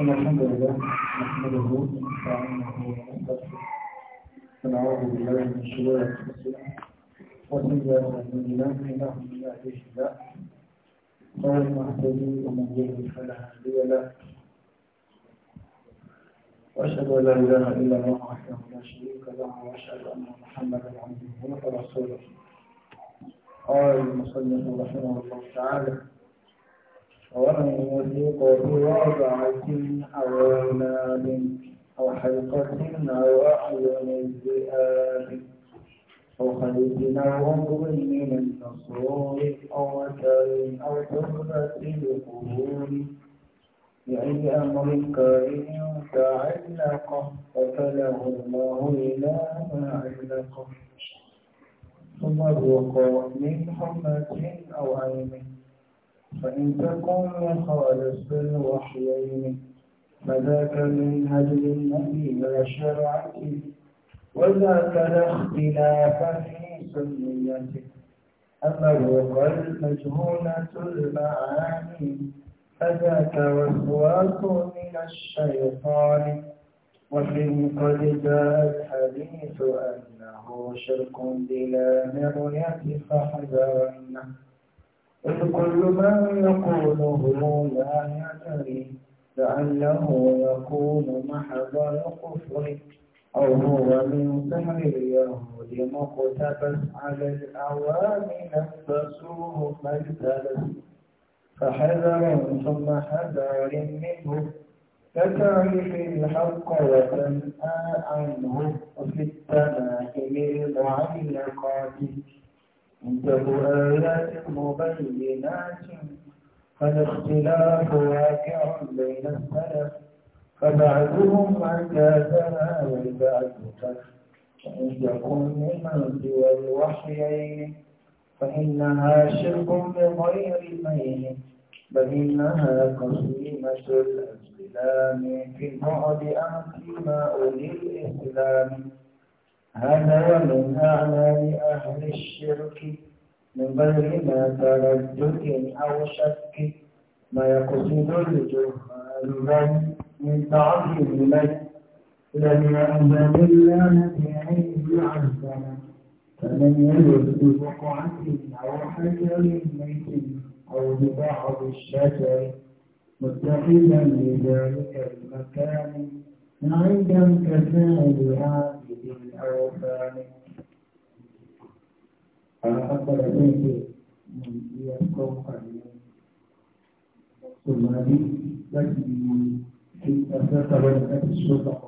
الحمد لله نحمده ونستعينه ونستغفره ونعوذ بالله من شرور أنفسنا وسيئات أعمالنا من يهده الله إلا هو المهتدي ومن يضلل فلا هادي له وأشهد أن لا إله إلا الله وحده لا شريك له وأشهد أن محمدا عبده ورسوله قال المصنف رحمه الله تعالى ومن يطيق بوضع أو عناب أو حلقة أو أعين الذئاب أو خليج أو عضو من النصور أو وتر أو تربة بقبول لاي أمر كائن تعلق قتله الله إلى ما علق ثم الوقوع من حمة أو عين فإن تكن خالص الوحيين فذاك من هدي النبي وشرعته وذاك لا اختلاف في سنيته أما الرقى المجهولة المعاني فذاك وسواس من الشيطان وحين قد جاء الحديث أنه شرك بلا مرية فاحذرنه إذ كل ما يقوله لا يعتري لعله يكون محض الكفر أو هو من سحر اليهود مقتبس على الأوان نفسوه فالتبس فحذر ثم حذر منه كتعريف الحق وتنأى عنه وفي التناهم المعلقات عنده آيات مبينات فالاختلاف واقع بين السلف فبعضهم عكازنا والبعد كف وإن يكن لمن سوى الوحيين فإنها شرك بغير ميل بل إنها قسيمة الأسلام في البعد بعد أنتما أولي الإسلام هذا من أعمال أهل الشرك من غير ما تردد أو شك ما يقصد الجهال من من تعظيم من لم يأذن في بعين عزنا فمن يلد ببقعة أو حجر ميت أو ببعض الشجر متخذا لذلك المكان عيدا كسائر عابد الأوثان أقبل بيتي من يسقط ثم بي لكن في آه، أساس ولدت الشرطة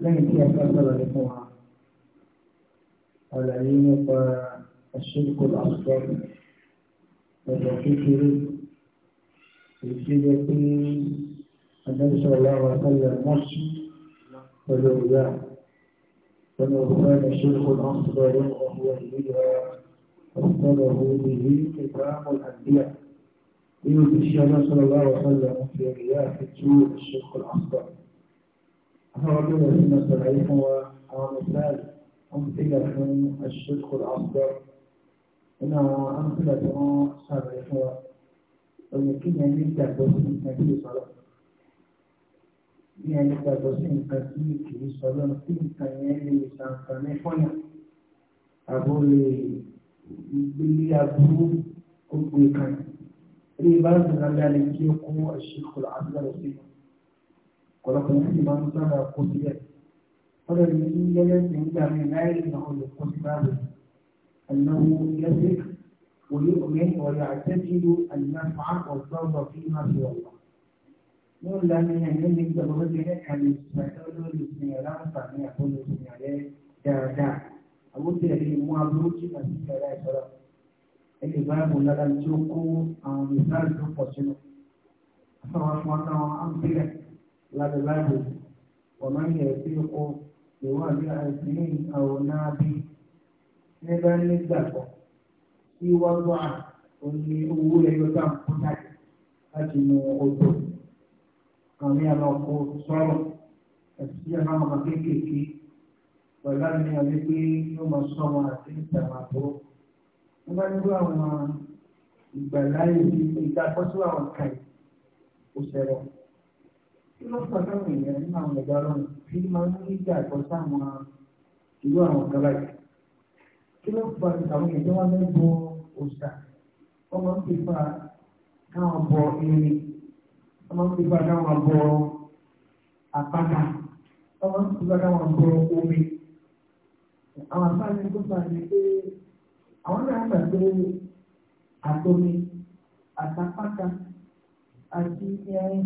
lẹ́yìn tí a fẹ́ sọ̀rọ̀ nípa wa àlàyé nípa àṣírkò àṣọ ọ̀dọ̀ kékeré النبي صلى èyí yẹ pé ẹgbẹ́sọ̀ lọ́wọ́ sẹ́lẹ̀ mọ́ṣí pẹ̀lú ìyá pẹ̀lú ọ̀pẹ́ ìṣẹ́lẹ̀ ọ̀pẹ́ ìṣẹ́lẹ̀ ọ̀pẹ́ يقول الشيخ صلى الله عليه وسلم في رياح الجوع الشق الأخضر أفرد سنة العلم ومثال أمثلة الشيخ الأصغر إنها أمثلة سابقة ọ̀yẹ̀ kí yẹn ní ìgbàgbọ́ sí nǹkan tí yóò sọ̀rọ̀ bí yẹn ní ìgbàgbọ́ sí nǹkan tí yóò sọ̀rọ̀ tí nǹkan yẹn lè ṣàǹfààní fọ́nà àbò lè gbélé aburú kó gbé kan rí bá ń sọ̀rọ̀ bí a lè kí ó kún ọ̀ṣẹ́ kọlọ àbúrò sí i kọlọkọ yẹn ti máa ń sábà kó sílẹ̀ ọ̀rọ̀ yìí yẹ́lẹ́ sí ń gbà mí láì ìnáwó lè kó sí báàbò àìnáwó yẹ́sẹ̀ kan. ويؤمن ويعتقد النفع والضر فيما سوى الله wọ́n lanu ẹ̀yìn ní gbogbo ẹgbẹ́ ẹ̀ka lè ṣàtọ́ lórí ìsìn ẹ̀rá àǹfààní àkóso ìsìn ààrẹ dáadáa àwòtí ẹ̀rí mú aburú tí kà sí ẹ̀rá ìsọ̀rọ̀ ẹ̀yìn ìbáraẹ̀mù lára tí ó kó àwọn mìsáàlì tó pọ̀ sínú àfọwọ́n fún ọ̀tá wọn áńpẹ́rẹ́ lábẹ́ báyìí wọ́n máa ń yẹ ẹ̀sìn kó ìwọ́n àbí àìsàn àwọn náà bí nígbà nígbàgbọ́ tí wọ́n wà òní owó ẹ̀yọ́ tá à ń kó jáde láti mú odò àmì àwọn ọkọ̀ sọ̀rọ̀ àti àwọn ọmọ kéékèèké pẹ̀lú àmì àwọn ẹgbẹ́ yóò máa sọ wọn àti ìtàn àbọ̀. wọ́n bá nílò àwọn ìgbàláyè ìdágbọ́sọ àwọn kàì kò sẹ̀rọ̀. kí ló fà táwọn èèyàn nínú àwọn ẹ̀dá ọlọ́run fi máa ń ní ìjà àgbọ̀ sáwọn ìlú àwọn kan báyìí. kí ló fà táwọn èèyàn tó wá ní òòṣà wọ́n máa ń pèpà káwọn bọ irin wọ́n máa ń pèpà káwọn bọ àpáta wọ́n máa ń pèpà káwọn bọ omi àwọn afáàní tó fà ní pé àwọn náà gbà pé àtomi àtàpáta àti irin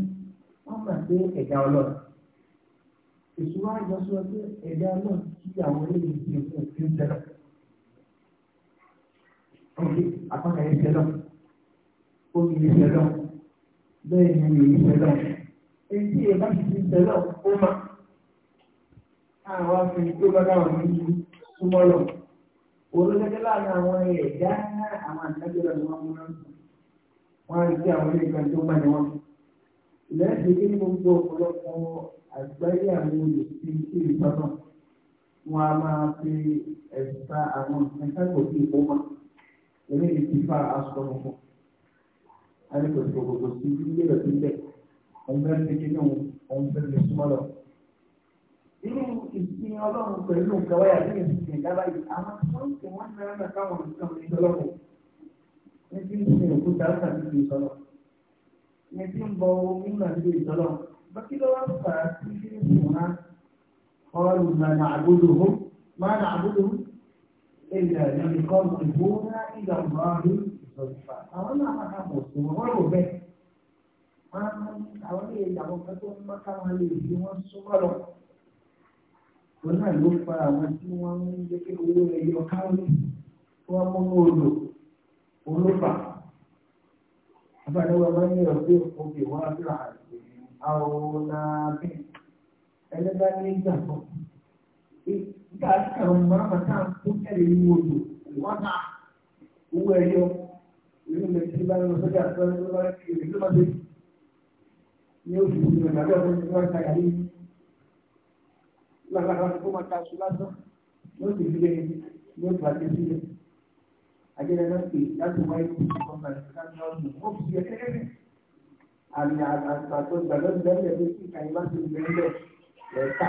wọ́n gbà pé ẹ̀dá ọlọ́run ìṣúná ìjọsọ pé ẹ̀dá ọlọ́run kí àwọn eléyìí ti fún òfin tẹ̀lé omi apáka yẹn ṣẹlọ omi yẹn ṣẹlọ bẹ́ẹ̀ ni omi yẹn ṣẹlọ èyí yẹn bá ti ṣẹlọ ó mà àwọn afi tó bá dáwọn ní súnmọ́ lọ olùdókè láàrin àwọn ẹ̀dá àwọn àtàkùn ọ̀dọ́ wọn múná wọn á rí àwọn ilé kan tó bá ní wọn lẹ́sìn kí ni gbogbo ọ̀pọ̀lọpọ̀ àgbáyé àwọn olùsí sí ìtọ́nà wọn a máa fi ẹ̀sà àwọn nǹkan kò sí ìkó wọn èmi ti ti fa aṣọ funfun àní kò sí òkòtò sí ilé rẹ̀ sílẹ̀ òun fẹ́ fi kí lóun òun fẹ́ fi súnmọ́ lọ. inú ìsìn ọlọ́run pẹ̀lú nǹkan wáyà ní ìsìn ìdábàá yìí àwọn tó ń sìn wọ́n fẹ́ràn náà káwọn nǹkan mi lọ́lọ́run ní ti ń sin òkúta ọ̀sán níbi ìsọ̀lọ̀ ní ti ń bọ omi náà níbi ìsọ̀lọ̀ bákí ló wá fà á sí ilé ìsìn wọn náà ọ̀rọ̀ ìgbà náà àgbódò hó máa náà àgbódò hó إلا يقربون إلى الله زلفى àwọn náà máa kàbọ̀ sí wọn wọ́n rò bẹ́ẹ̀ wọ́n àwọn ilé ìyàwó kan tó ń bá káwọn lè fi wọ́n súnmọ́ lọ. òun náà ló fa àwọn tí wọ́n ń jẹ́ kí owó rẹ̀ yọ káwọn tí wọ́n mú ní odò òun ló fà. abáyọ̀wọ̀ máa òkè wọn á fìlà àwọn ọ̀nà bí ẹlẹ́gbẹ́ ní ìgbà kan nígbà tí kàrọ̀ mọ́nàmọ́ tá à ń tó kẹ́lẹ̀ ní odò wọ́n ta owó ẹyọ ìlú mi ti bá lọ sọ́jà tó ló bá ti rè ló bá ti ní oṣù tó lọ lábẹ́ ọ̀dọ́ tó wọ́n ta yàrá yìí lágbàdo tó máa ta aṣọ lásán ló ti fi lé ló ti àti sílẹ̀ ajẹ́rẹ́ náà pè láti wáyé kó tó kọ́ máa ká ní ọdún ó fi ṣe kẹ́kẹ́ àmì àtàtọ́ gbàdọ́ gbẹ́lẹ̀ ló ti kàyí bá ti gbẹ́lẹ̀ ẹ̀ta.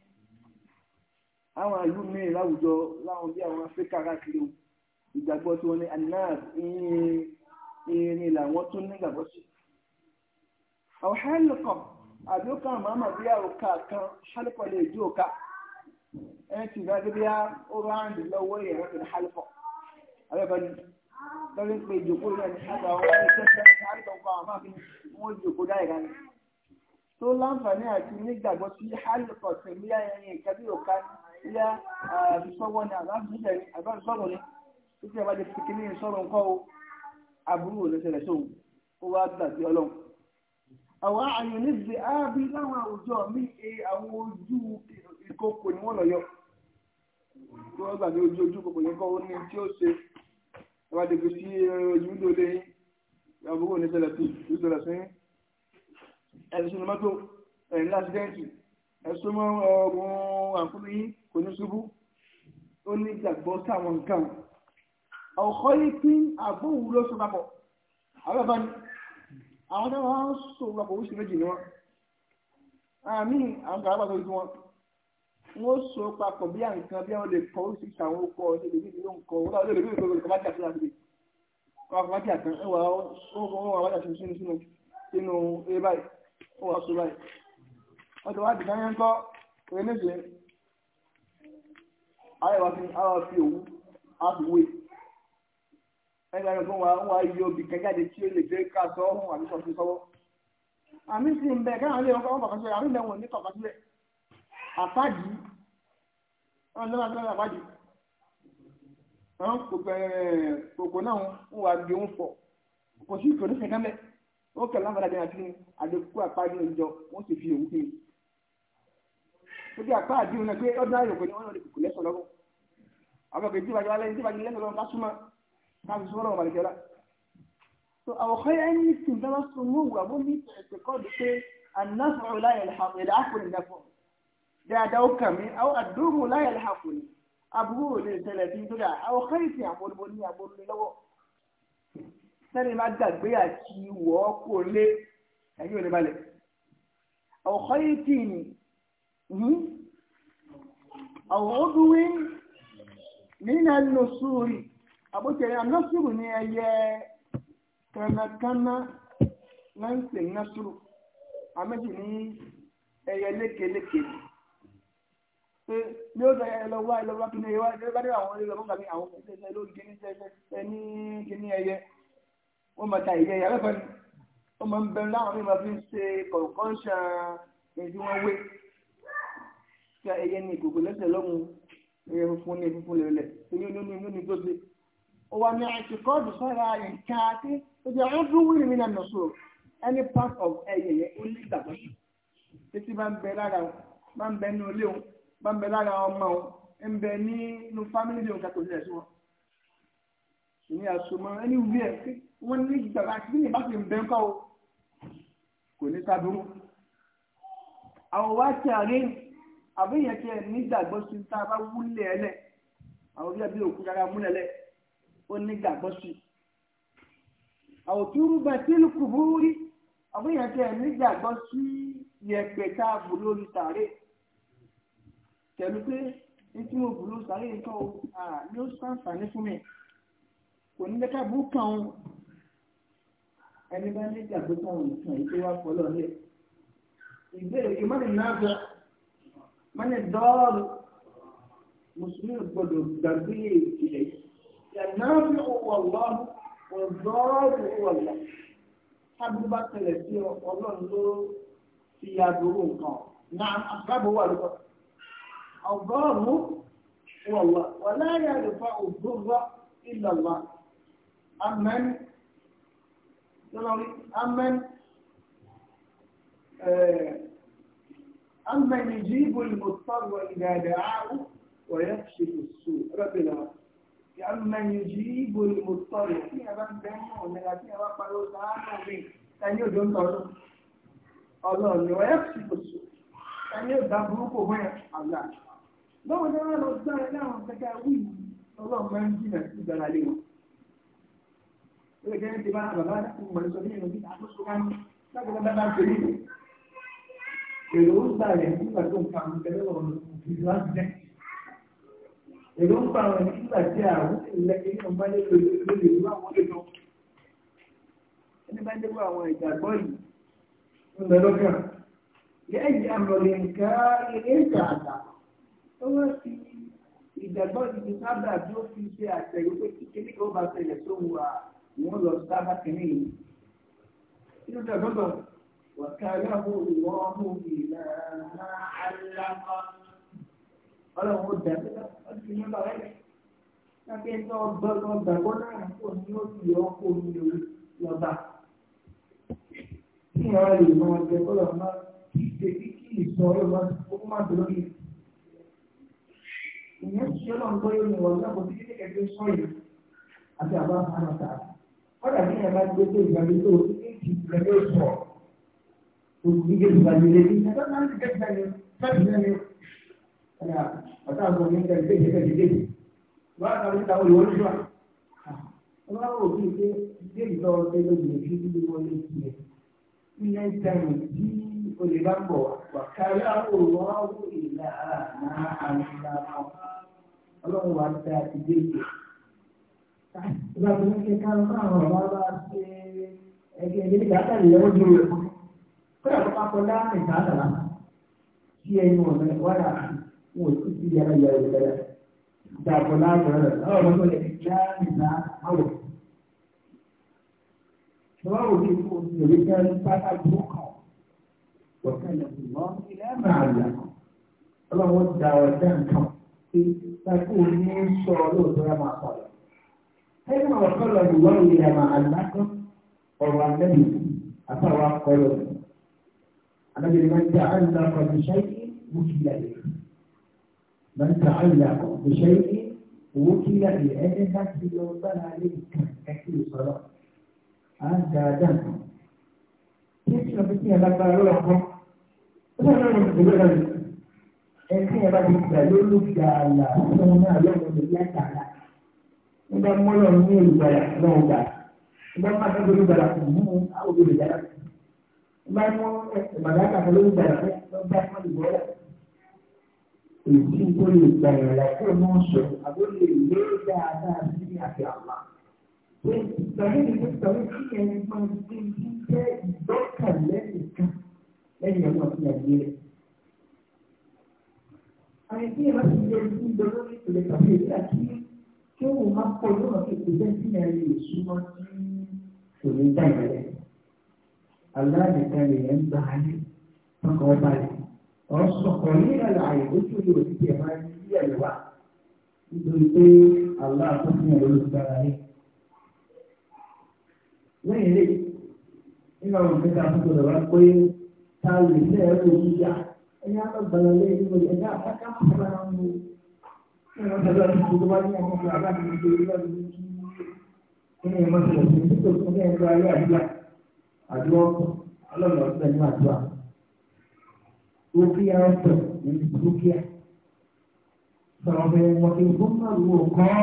àwọn ìlú míì láwùjọ láwọn bí àwọn Áfíríkà káàkiri ìgbàgbọ́ tí wọ́n ní anab irin làwọn tún nígbàgbọ́ sí. àwọn hẹ́lìkọ̀ àbí ó kàn máa mà bí àròkà kan hẹ́lìkọ̀ lè dí òkà ẹni tí ìgbà gbé bíyà ó ráǹdì lọ́wọ́ ìyẹn ní hẹ́lìkọ̀ àbẹ́bẹ́ni lọ́dún pé ìjòkó náà ní àtàwọn ọmọ ìṣẹ́ṣẹ́ hẹ́lìkọ̀ kan àwọn máa fi wọ́n jòkó dáì tó láǹfààní àti nígbàgbọ́ sí hẹ́lìkọ̀ tẹ̀lé ẹ̀yìn ìkẹ́bí òkà ní ilé àbísọ́wọ́ ni àbáṣọ́wọ́ ni títí ẹ̀ bá jẹ́ fi kíní sọ̀rọ̀ ńkọ́ o àbúrò ò lè ṣẹlẹ̀ sóhun ó wá gbàgbé ọlọ́run. àwọn àyàn níbi ábí láwọn àwùjọ mi ṣe àwọn ojú ìkókò ni wọ́n lọ yọ tó wọ́n gbàgbé ojú ojú kòkò yẹn kọ́ ó ní tí ó ṣe ẹ̀ bá dẹ̀gbẹ̀ e, ojú ń dòde yín àbúrò ò lè ṣẹlẹ̀ sí ìṣẹ̀lẹ̀ sí ẹ̀sùn mọ́tò ẹ̀ńlá ṣẹ́ńtì ẹ̀sùn mọ́ ọ̀gùn àkúnmí yín kò ó ní ìgbàgbọ́ sáwọn nǹkan ọ̀kọ́ yìí pín àbóhùn ló papọ̀ àwọn bá àwọn tó wọn sọ papọ̀ oṣù méjì ni wọn àmì àwọn kàrà pàtó ojú wọn wọn sọ papọ̀ bí àǹkan bí àwọn lè kọ́ ó sì okọ̀ ọ̀dẹ́ lè bí ló ń kọ́ wọn lè bí ló ń kọ́ bá jà sí àgbè bá jà kan ẹwà ó wọn wà jà sínú sínú sínú ẹ báyìí ó wà sọ báyìí wọn ti wá dìgbà yẹn ń kọ́ òye àyẹ̀wò àfi àwọn àfi òwú àfiwé ẹgbẹ́ rẹ̀ fún wa ń wá iye obì kẹjáde tí ó lè fẹ́ ká sọ ọ́hún àbí sọ fún sọ́wọ́ àmì sì ń bẹ káwọn ilé ọkọ̀ ọkọ̀ sílẹ̀ àmì ìbẹ̀ wọn ní kọ̀ọ̀kan sílẹ̀ àpáàdì wọn lọ́nà tó lọ́nà àpáàdì wọn kòkò náà ń wà bí òun fọ̀ kò sí ìkòlóṣẹ̀ kan bẹ́ẹ̀ ó kẹ̀ láǹfààní àti àdékù àpáàdì ìjọ wọ́n sì fi òun kiri ó bí apá àdìrún náà pé ọdún ayò kò ní wọn lọ rí kùkù lẹ́sọ̀ lọ́wọ́ àwọn kò tí wàjú alẹ́ ní tí wàjú lẹ́sọ̀ lọ́wọ́ bá súnmọ́ ká fi súnmọ́ lọ́wọ́ balẹ̀ jọlá. so àwọn ọ̀hẹ́ ẹni tún bá wọn mú wà mú ní ẹ̀sẹ̀ kọ́ọ̀dù pé anáfọ̀ láyẹ̀ lẹ́hàkùn aburú lè àwọn hmm? ọdúnwí nínú ẹnu sùúrì àbójẹ̀rẹ̀ anásùrù ni ẹyẹ kànákànná wọ́n ń pè násùrù àmẹ́jì ní ẹyẹ lékeléke pé ní ó sọyẹ ẹlọ́wọ́ ẹlọ́wọ́ kí ni ẹyẹ wá ẹyẹ bá dé àwọn ẹlọ́wọ́ fún kàmí àwọn ẹyẹ lórí kíní ẹyẹ ní kíní ẹyẹ wọ́n máa ta ìyẹyẹ abẹ́fẹ́ ni wọ́n máa ń bẹ̀rù láwọn mímọ́ fi ń ṣe kọ̀ọ̀kan ṣan ẹ̀dínwó wé ṣe ẹyẹ ní ìkòkò lẹ́sẹ̀ lọ́mú ẹyẹ funfun ní funfun lẹ́lẹ̀ ní ní ní ní tó ṣe. ó wà ní àìsíkọ́ọ̀dù sára nǹkan àti ọjà ọdún wíìlì mi náà nọ̀ṣọ́ any part of ẹyẹ yẹn ó ní ìgbàgbọ́ títí bá ń bẹ lára bá ń bẹ ní ilé òun bá ń bẹ lára ọmọ òun ń bẹ nínú fámìlì òun kàtó sílẹ̀ sí wọn. ìní àsomọ́ ẹni wí ẹ̀ wọ́n ní ìgbàgbọ́ àti bí ní ìbáṣe ń bẹ ńkọ́ o kò ní sábẹ́ wọn. àwòwá ti àárín àbí ìyẹn tí ẹ nígbàgbọ́ sí tá a bá wúlẹ̀ ẹlẹ̀ àwọn bíi àbíyẹ òkú rárá múlẹ̀ lẹ̀ ó nígbàgbọ́ sí. àwòtúrú bẹ sínú kùbúrú àbí ìyẹn tí ẹ nígbàgbọ́ sí yẹ̀pẹ̀ tá a bù lórí sàárè tẹ̀lú pé ní tí mo bù lórí sàárè nǹkan o ní ó sàǹfààní fún mi kò ní lẹ́ka bú kàn ó ẹni bá nígbàgbọ́ sáwọn nǹkan yìí tó wá fọlọ́ lẹ̀ ìbéèrè ìmọ̀lẹ̀ náà bẹ̀rẹ̀ wọ́n ní dọ́ọ̀rù mùsùlùmí gbọ́dọ̀ gbàgbé ìpìlẹ̀ yìí yànnàfi ọ̀wọ̀lọ́ ọ̀dọ́ọ̀rù ọ̀wọ̀lọ́ tábùbá tẹ̀lẹ̀ sí ọlọ́run ló fi àdúró nǹkan náà àbábò wà lọ́wọ́ ọ̀dọ́ọ̀rù ọ̀wọ̀lọ́ wọlé yàrá òdòdó ìlàlá amẹ́ni lọ́wọ́ amẹ́ni ẹ̀ẹ́. أما يجيب المضطر إذا دعاه ويكشف السوء رب العالمين أما يجيب المضطر في أبان بينه ومن في أبان قالوا تعالوا بي كان يجون تقول الله ويكشف السوء كان يدبروك وين الله لو أنا لو أدار لهم تكاوي الله ما يمكن أن يدار عليهم ولكن أنت بقى بقى أنا كنت مرسولين وجيت وكان لا كنت بقى èròǹgbà rẹ̀ nígbà tó ń fa àwọn tẹ́lẹ̀ lọ́wọ́ ìlú àgbẹ̀. èròǹgbà rẹ̀ nígbà tí àwọn ìlẹ̀ ilé ọba lè lò lórí ìlú àwọn olùdó. ẹni bá débò àwọn ìgbàgbọ́ yìí ń bẹ lọ́kàn. yẹ́ ìdí àmọ̀lẹ̀ nǹkan ilé ìtààtà ó wá sí ìgbàgbọ́ ìdí sábà tí ó fi ṣe àtẹ̀wé pé kíkiri kan bá ṣẹlẹ̀ tó wà wọ́n lọ sábà kìnnìyàn. inú وكله الله بما علم ọlọ́run ó dàbí ó ti ní bàbá yìí lábẹ́ ní ọgbọ́n gbàgbọ́ náà kò ní ó ti yọ kó ní orí lọ́ba kí wọ́n lè mọ ọjọ́ tó lọ máa kí ṣe kí kí ìsọ ọ̀rọ̀ máa kó má dúró yìí ìyẹn ti ṣe ọlọ́run tó yẹ ní wọ́n náà sí kékeré tó sọ yìí àti àbá máa nà tà ó dàbí ìyẹn bá gbé tó ìgbàgbé tó o ti ní ìdí ìgbàgbé sọ̀rọ̀. ويجي الفاميلي انا عندي كذا كذا انا بتعرف من ده كده كده كده وانا انت اول ولا شو انا هو في دي دي تو تي دي في دي ولا دي ilé ìtẹ̀wé tí olùdámbọ̀ wàkàrí àwòrán ìlà àná àlùlá ọlọ́run wà dá ìdí èdè. ìgbà tó ń ṣe ká lọ́wọ́ àwọn ọ̀rọ̀ bá ṣe ẹgbẹ́ ìdílé kàtàlì lọ́wọ́ kódà tó bá kọjá ìta àtàlà tí ẹni wọn mẹ wàdà wọn ò tún sí yàrá yàrá ìgbẹ́rẹ́ dàpọ̀ láàbọ̀ rẹ̀ ọ̀rọ̀ tó lè já ìta àwọ̀. Bàbá wo ni kò sí òwe jẹ́ pátá tó kàn wọ́n kẹ́lẹ̀ fún wọn ilé máa yà kàn. Ọlọ́run da ọ̀dà nǹkan pé pàtó ní sọ lóòótọ́ yà máa sọ̀rọ̀. Ẹni wọn kọ́ lọ ìwọ́n ìlànà àlákọ́ ọ̀rọ̀ àlẹ́ àtàwọn akọ́lọ́ الذي من تعلق بشيء وكل إليه من تعلق بشيء وكل إليه أي الناس اللي وصل عليك أكيد صلاة أنت دم كيف نبتدي هذا الكلام Ẹ̀sìn ẹ̀bá ti gbà lórí ìgbà àlà fún ọmọ àlọ́mọ ìlú àtàlà. Nígbà mọ́lọ̀ ní ìgbà lọ́wọ́ gbà. Nígbà máa ń tọ́jú ìgbà lọ́wọ́ àwọn olùdarí bá mọ ìmàláka kan ló ń gbà rẹ lọ bá mọ ìwọ rẹ èyí tó lè gbà rẹ lọkọ náà sọ àbó lè lé dáadáa sí àti àmà tàbí ìwé tàbí kí ẹni máa gbé ní jẹ ìgbọ́kànlé nìkan lẹ́yìn ọmọ fún ẹgbẹ́ rẹ. àwọn ìdí ìwà ti yẹ ní ìgbẹ́ lórí ìpìlẹ̀ tàbí èyí àti kí òun máa pọ̀ lọ́wọ́ kékeré sí ẹ̀rí ìṣúná tí kò ní dá aláàdìkan lèèyàn gbà á ní ọkọ̀ balẹ̀ ọ̀sọ̀kọ̀ ní àlàyé ojú ìlú òtítì ẹ̀ máa ń yí ẹ̀ wá nítorí pé aláàtọ̀ fún ẹ̀ olùgbàlà yìí. lẹ́yìn lè nínú àwọn òṣèlú àtúntò lọ́wọ́ pé ta lè ní ẹ̀rọ yíyá ẹ̀yà lọ́gbàlà lẹ́yìn nínú ẹ̀dá àtàkà àbára ń mú ẹ̀rọ tẹ̀lé àtúntò tó wá ní ọmọ ìgbà àbájáde ìgbèrú lọ́dún ní kí ẹ̀yìn mọ́tò àdúrà ọ̀pọ̀ ọlọ́run ọ̀pẹ ní àdúrà dúkìá ọ̀pẹ ní dúkìá sọ̀rọ̀ bẹ́ẹ̀ wọ́n ti fún màlúù ọ̀kọ́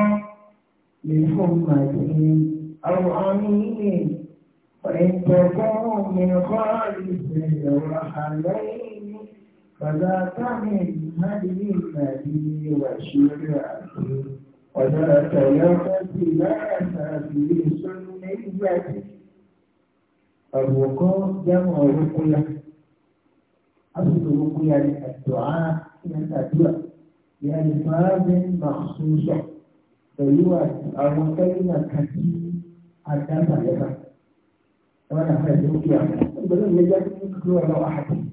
lè fún màlúù àwọn àmì yìí فإن تكون من خالص الرحمين فذاك من هدي النبي وشرعته وذاك يقتل في سنيته الوقوع جمع رقية أصل الرقية الدعاء من الدعاء بألفاظ مخصوصة فيوى أو كلمة كثير حتى تعرفها وأنا في الرقية يقولون يجب أن يقولوا على أحد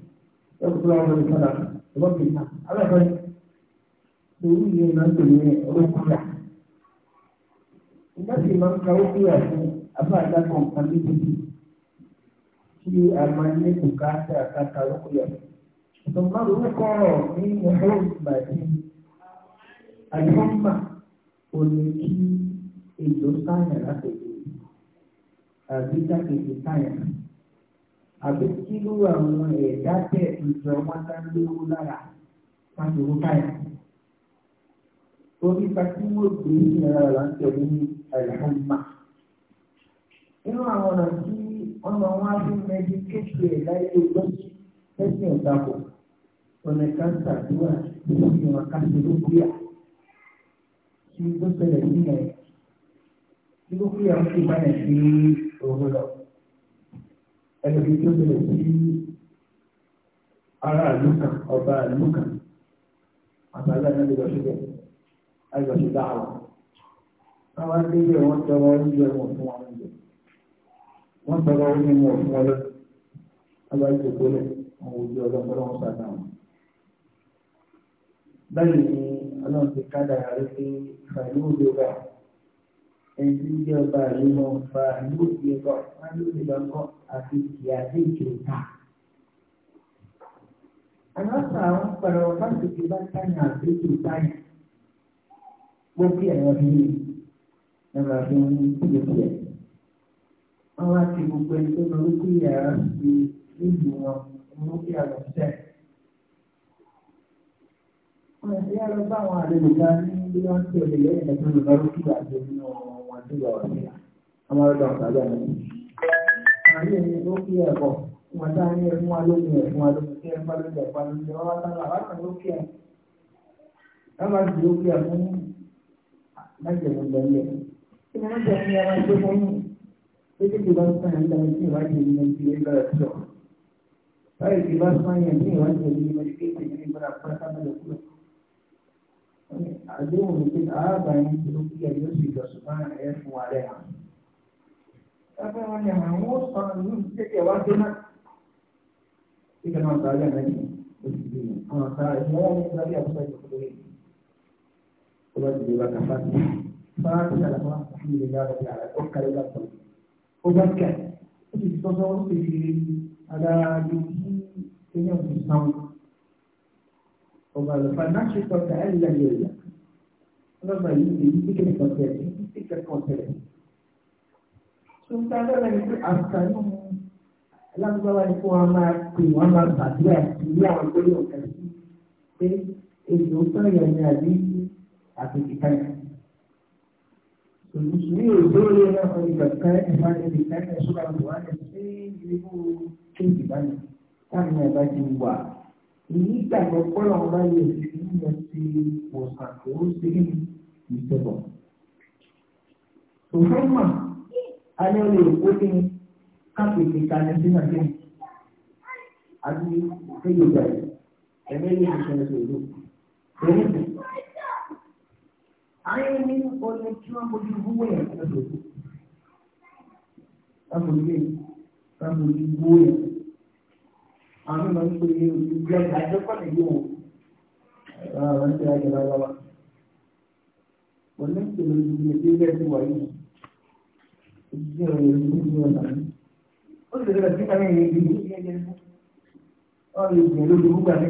يقولوا على الفلق ربنا على فلق يقولون أن رقية الناس من كرقية أفعل لكم قليل tí a máa ní bùkátà àkàtà rúkúyọ̀. Ìtọ́gbà rúkọ̀ ní ìhóòrùn ìbàdí àdúgbà ò ní kí èlò sáyà láti lè àbí jákèjì sáyà. Àbí kíló àwọn ẹ̀dá tẹ̀ ìjọ wọn dá léwu lára láti rú sáyà. Torí ta tí gbé ní ara là ń tẹ̀lé ní àìhóòmà. Inú àwọn ọ̀nà tí wọ́n lọ wá sí mẹdíkéṣì ẹ̀ láyé lọ́sí ẹ̀sìn ọ̀dàbọ̀ ọ̀nà káńtà àdúrà lórí ìwọ̀n káńtà lókùyà tí ó ṣẹlẹ̀ sí ẹ̀ tí lókùyà ń fi báyà sí òun lọ ẹ̀lẹ́bí tó ṣẹlẹ̀ sí ará ìlú kan ọba ìlú kan àtàlẹ́ náà lè lọ síbẹ̀ àìlọ́sí dáhùn. Àwọn adé ilé wọn jọ wọn ń yẹ wọn fún wọn ń yẹ wọ́n tọrọ orí inú ọ̀fún wọlé ọba ìjòkólẹ̀ àwọn ojú ọlọ́pọ̀lọ́ wọn sàdá wọn. báyìí ni ọlọ́run ti kádàrá rí pé fàlú òdòdó ẹni tí ń jẹ́ ọba àlú wọn fàlú òdòdó fàlú òdòdó àti kìáde ìjòta. aláṣà àwọn pẹ̀lú ọ̀pá tètè bá táyà àti ìjòta yẹn. mo kí ẹ̀rọ fi ẹ̀rọ fi ń kí ẹ̀ wọ́n wá ti gbogbo ẹni tó lọ wípé yàrá ti nílùú wọn mú kí àlọ́ sẹ́. wọ́n ti yá lọ bá àwọn àlejò ká ní bí wọ́n ti ọ̀lẹ̀ lẹ́yìn ẹ̀dùn lọ lọ́rọ́ kí àjọ nínú wọn tó lọ sí i. ọmọ ọdọ ọ̀sán àná. àlẹ́ ẹni tó kí ẹ̀ bọ̀ wọ́n dá ní ẹ̀fún wa lómi ẹ̀fún wa lómi kí ẹ̀fún wa lómi ẹ̀fún wa lómi wọ́n wá sára wá kàn lókè ẹ̀. lábàá ti lókè ẹ̀ fún mẹ́jẹ̀ gbogbo ẹ̀ kí ni wọ́n jẹ́ fún Títí tí wọ́n sáyẹn ń dára sí ìwádìí ní ẹgbẹ́ ìgbàlá tó. Báyìí tí wọ́n sáyẹn ní ìwádìí ní ẹgbẹ́ ìgbàlá tó sábàlẹ̀ kúrò. Àdéhùn ní pé ààbà yẹn ti ló kí ẹ yóò sì jọ̀sùn bá ẹ fún wa rẹ̀ hàn. Ẹgbẹ́ wọn ni àwọn ó sọ ní ìdíje wá dé náà. Ìjọba náà sáré àmẹ́jì oṣù tó Àwọn sáré ìwọ́n ní sáré àbúrò ìjọba tó yẹ. Ó bá ti di wákàtí. Fáàtì àlàfáà, àlùmílẹ̀ lára ti àlàfáà, ó láti sọ̀rọ̀ ọgbàkà ó ti sọ́sọ́ ó ti fi aláàbí tí kéèyàn ti sanwó ọba àlùfà náà ṣe tọ́ka ẹ̀ lẹ́yìn ẹ̀yà ọlọ́ba yìí èyí tí kéèyàn kan tẹ̀lé èyí tí kẹ́kọ̀ọ́ tẹ̀lé. sọ́ńtà lọ́la ni pé àǹfààní alágbára ni fún wa máa pè wọ́n máa gbàdúrà ìlú àwọn tó yọ̀ kẹ́sì pé èyí ó sọ̀rọ̀ yẹn ní àbí àtòkìkányà. Mùsùlùmí òjò lè rà fún ìgbàgbọ́ ìbánilè káyọ̀ ìṣúra Buhari sí irú kéèkì báyìí táwọn ẹ̀bá ti wà. Èyí gbàgbọ́ pọ́lọ̀ ọba yóò fi nílẹ̀ sí wọ̀sán tó ń ṣe ní ìṣẹ̀bọ̀. Òfin mà, a ní olè òkú ní káfíńtì kalẹ̀ sí Nàìjíríà. A ní ìfẹ́ Yorùbá yìí, ẹ̀mí ilé ìṣẹ̀lẹ̀ sọ̀rọ̀. Bẹ́ẹ̀ni àárín ní ọdún tí wọ́n bójú gbówó yẹn lọ́dọ̀ lábòlé lábòlé gbówó yẹn àwọn ọmọ nípa ilé ojú gbé ọjà àjọpọ̀ nìyí àwọn ọmọ nípa ìjọba ìjọba wọn ní ìpele ojú ilé ilé ẹgbẹ́ wà yìí ojú ìjọba ìjọba ìjọba ìjọba ìjọba ó sì lè lọ sí ìtàn ìyẹn ìdílé ìyẹn ìyẹn wọn lè gbìyànjú lójú gbà ní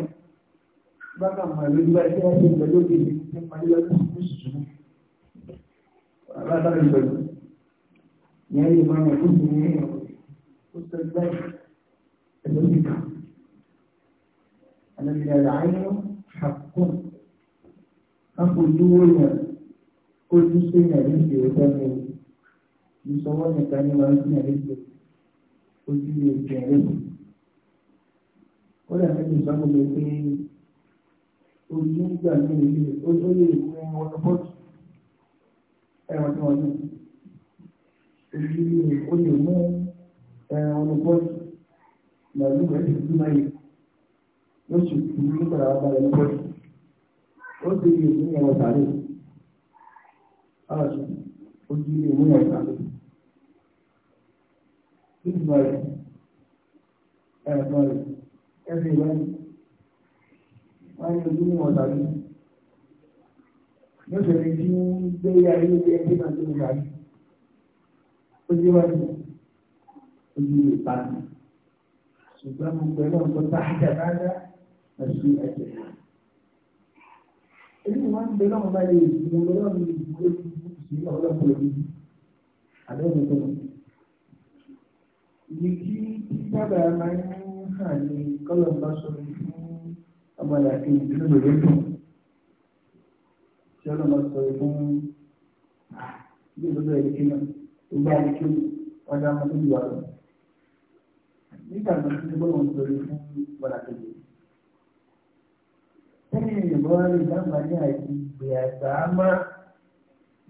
bákan mọ̀ lójú bá ẹgbẹ́ ẹgbẹ́ lójú ìdílé ní ìpàdé lọ́dún قدر البيت يعني ما يكون جميع وسط البيت الذي الذي العين حق أقول كل شيء عليه وتمه يصور كان يوازن عليه ojú ẹ̀jẹ̀ rẹ̀ ó dàbí ìsọ́nù mi pé ojú ń gbà ní ìlú ó lè mú ọdún bọ́ọ̀tù ẹran tí wọ́n ní èyí ó lè mú ẹran olùbọ́sì lẹ́nu rẹ̀ ti dún láyé lóṣù tí ó padà wá balẹ̀ olùbọ́sì ó ti lè mú ẹran tàbí aláṣẹ ó ti lè mú ẹran tàbí nígbà rẹ̀ ẹran tàbí ẹsẹ̀ ìwádìí wọ́n á ní ojú ní wọn tàbí lọ́sọ̀rọ̀ tí ń gbé ayé ẹgbẹ́ náà tó ń parí ó yé wá ní ojú ìpàdé ṣùgbọ́n mo pẹ̀lú ọ̀gbọ́n tá a jà dáadáa ẹ̀sùn ẹ̀jẹ̀ èyí ni wọ́n ń bẹ lọ́wọ́ báyìí ìgbìmọ̀ lọ́wọ́ mi ìgbìmọ̀ ìgbìmọ̀ ọlọ́pàá òbí àbẹ́wò tó lọ. Ìdí tí sábà máa ń hàn ní kọ́lọ̀ bá sọ fún ọmọ ìyàtọ̀ ìdílé lòdì Ah, tí wọ́n lọ sọ fún bí gbogbo ẹ̀rí kí náà tó bá ẹ̀rí kí wọ́n dá wọn lójú wa lọ. nígbà tó ti gbọ́ wọn sọ fún bọ́lá kejì. sẹ́yìn ìbọn rẹ̀ dábàá ní àìsí ìgbé àgbà á má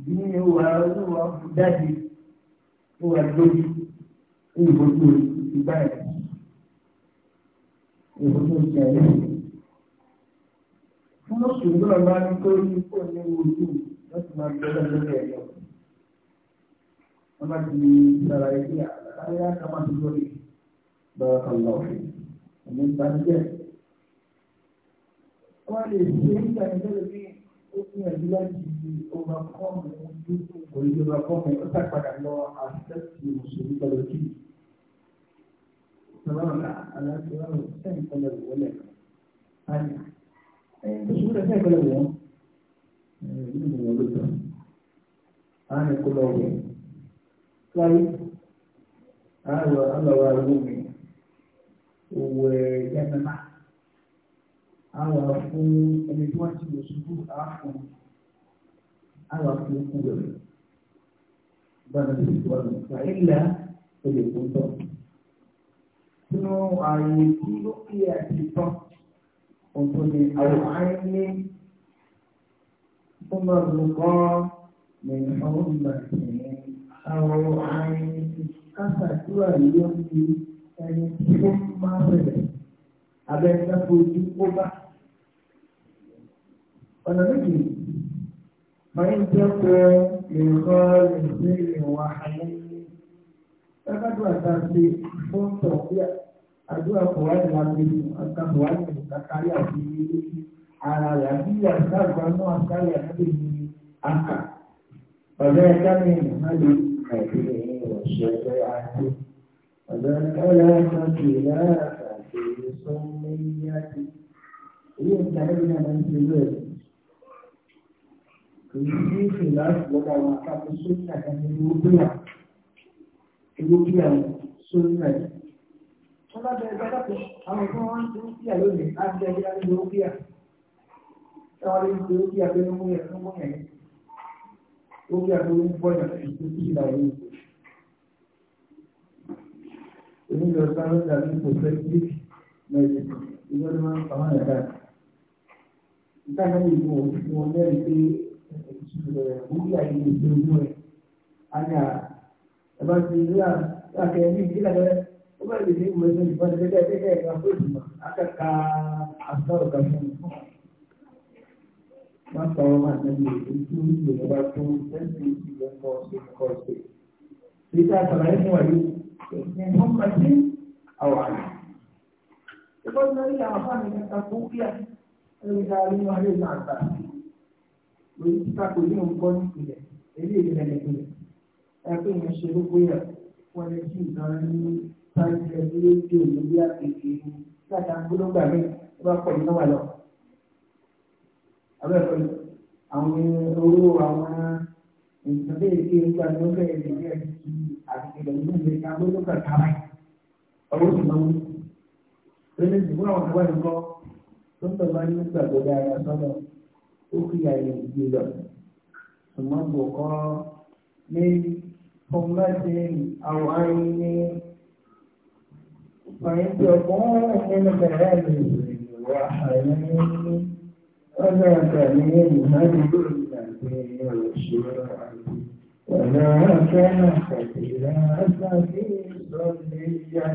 bí ìwà olúwa jáde ìwà lójú ìwòjú ìgbà ẹ̀ ìwòjú ìgbà ẹ̀ lójú mùsùlùmí náà bá ní tó ní kó ní ojú láti máa gbé lọ́dún lórí ẹ̀yọ́ wọ́n bá ti sára ẹgbẹ́ àlàyé ká máa ti lórí lọ́wọ́ kan lọ́wọ́ fi ẹ̀mí ìbànújẹ́ wọ́n lè ṣe é nígbà yẹn lọ́dún bí ó fún ẹ̀dí láti overcome ojú orí overcome ó oṣù mẹ́ta ẹ̀kọ́ lọ́wọ́ wọn nínú ìwọ̀n ló tán àwọn ẹ̀kọ́ lọ́wọ́ wọn láyé àlọ́ àlọ́wọ́ àlọ́wọ́ mi òwò ẹ̀ yẹnana àwọ̀ fún ẹni tí wọ́n ti lò ṣubú àfọ̀n àwọ̀ fún ikú rẹ̀ bọ́ọ̀nà tó ti wà lọ́wọ́ ìlà olè kó tọ́ nínú ààyè tí ó kí àti tọ́. وكل العين مرقا من حرمة أو عين أفتوى يومي أن ثم رد أبدا فوجوبا ونبي فإن تكن من خالص وحي فقد وصلت فوق àdúrà kò wá ní agbègbè nǹkan kò wá ní kàkárí àti ara rẹ̀ àbí àṣà àgbà náà àkárí àtàlẹ́ ní àkà. Ọ̀dọ́ ẹ̀ka ni ìmọ̀lẹ́ àti ìrọ̀ṣẹ́ ẹgbẹ́ àti ọ̀dọ́ ẹ̀ka kan kì í lára àti ìsọ́mẹ́yàtì. Èyí ìgbà ẹ̀rí náà máa ń ṣe lóòrè. Kì í sí ìfìlà àtìlọ́dà àwọn akáàkiri sórí àkàndínlógún àwọn sórí àkàndínlógún wọ́n bá bẹ̀rẹ̀ gbọ́dọ̀ àwọn tí wọ́n ń tún kíà lónìí á ti ẹgbẹ́ láti lówó kíà táwọn lè fi owó kíà pé ó mú yẹn ó mú yẹn owó kíà pé ó kuma da shi mai zai ba da daga daga ya kafa shi ba aka ka asar ka shi ma tsawo ma nan ne in su ne da ba su san su yi don kawai kawai sai ta tsara yin wayo ne mummacin a wani kuma na yi a fara ne ta kukiya ɗin ta yi wayo na ta lórí ta sáájú ẹbí lóde òní bí àgbègbè láti agbólógbà mi tó bá pọ̀ nínú wà lọ. abẹ́rẹ́ àwọn owó àwọn nǹkan bẹ́ẹ̀ kí n gbà ní ó bẹ̀rẹ̀ lè bẹ̀rẹ̀ sí àgbègbè nínú ìgbà agbólógbà kàrà ọwọ́ sì máa ń wí. lónìí ìdìbò àwọn kan wà ní kọ́ tó ń bẹ̀ bá ní gbàgbọ́ dára sọ́dọ̀ ó fi àyè ìgbè lọ. ṣùgbọ́n bò kọ́ ní fọmọ́sìn àwọn àyè فيتقون من غنم وحنين وذاك من هدي النبي والشرع وذاك اختلاف في صليته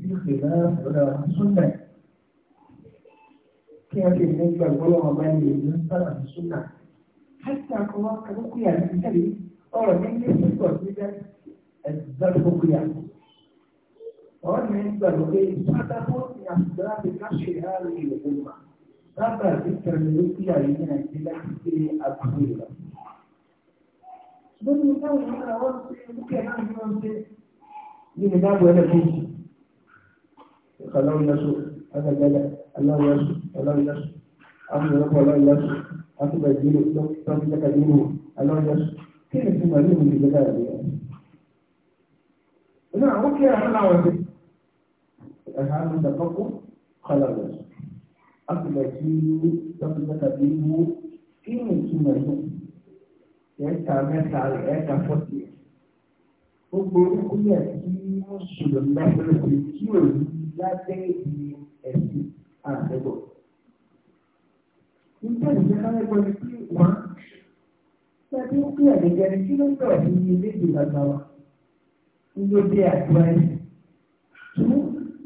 في خلاف ولا سنة كيف يمكن الغلو بين الإنسان والسنة حتى قواك القيام النبي أو من يسقط من الزرق قيامه ọ̀rọ̀ mi ń gbàgbọ́ pé ìsádàpọ̀ ti àṣìṣe láti káṣe ààrẹ ìlú mà lábàá ti tẹ̀lé lókè àyè ní nàìjíríà ṣe àgbàdo ìlà. lórí táwọn ìlú náà wọ́n ti dúkìá náà ní wọ́n ṣe ní ìdáàbò ẹlẹ́kẹ̀ẹ́jì. aláwọ̀ yasọ alágbádá aláwọ̀ yasọ aláwọ̀ yasọ amúnirọ́pọ̀ aláwọ̀ yasọ akúbà ìdílé tọ́kítàkà nínú aláwọ̀ yasọ kí ni fún màlúù ní ìjọba ìlú náà wọ́n kí àwọn àwọn ọ̀sẹ̀ فهذا التقوى خلقه التي لفظت به في سنته ẹ̀ka mẹ́ta rẹ̀ ẹ̀ka fọ́tì gbogbo orúkúlẹ̀ tí mùsùlùmí bá fẹ́ lọ́sẹ̀ tí ò ní lábẹ́ ìdí ẹ̀sìn àtẹ́gbọ̀. nígbà tí wọ́n fẹ́ gbọ́ ní kí wọ́n ṣàdéhùn kí ẹ̀dẹ̀gẹ́ni kí ló ń bẹ̀rẹ̀ sí ilé ìdìbò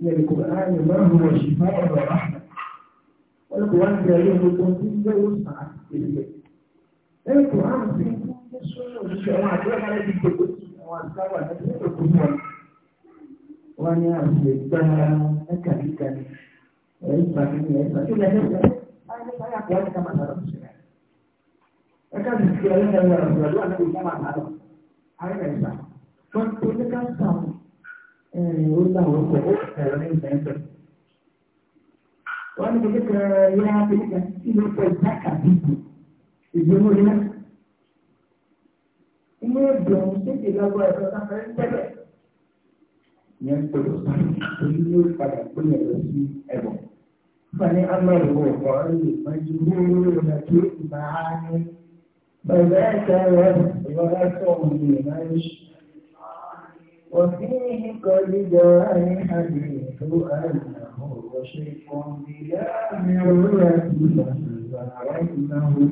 من القرآن ما هو شفاء ورحمة والقرآن لا يملك كل وسع القرآن في كل سنة والشريعة لا على ذكر وأذكار النبي والقرآن وأنا أصدقها أكاديكا إسمع مني إسمع كل هذا أنا لا أقول كما ترى الشريعة أكاد يذكر لنا يا رسول الله أنا كما تعلم أنا إسمع فكل كان صامت يرد عن الخروج فيرميه فينفر وانا بذكر يا بذكر كيلو فزكا بيتي يجيبوا هنا ilé ìgbà òṣèlú lágbára ẹ̀ka sáfẹ́ tẹ́lẹ̀ yẹn gbọdọ̀ sáré ní ó padà gbọ́dọ̀ lọ sí ẹ̀bọ̀. fani amadu ọkọ ẹni ìpàdé ní bàbá ẹ̀ka rẹ̀ ìrọ̀lá tó ọ̀hún وفيه قد جاء حديث أنه وشيق بلا مرة فأنه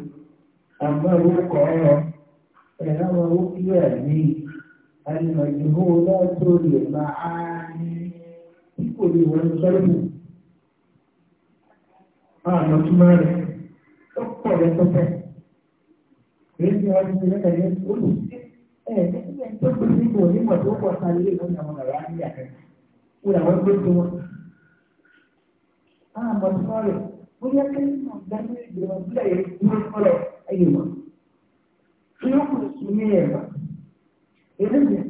أمر قال فأمر يعني المجهولة المعاني في كل والقلب àmọ́ tí máa rẹ̀ ó pọ̀ lẹ́pẹ́pẹ́. Èyí ni wọ́n ẹ̀ẹ́dẹ́gbẹ̀ẹ́ tó kù sí ìbò nígbà tó pọ̀ sáré lé ìwé àwọn ọ̀rọ̀ ayé àkẹ́ wọ́n àwọn ẹgbẹ́ tó wọ́n. àwọn àmọ̀ tó rẹ̀ bóyá kẹ́lí náà gbẹ́mí ìgbìmọ̀ sílẹ̀ yẹn dúró fọlọ̀ ẹ̀yìn wọn. tí ó kù sí ní ẹ̀rọ eléyìí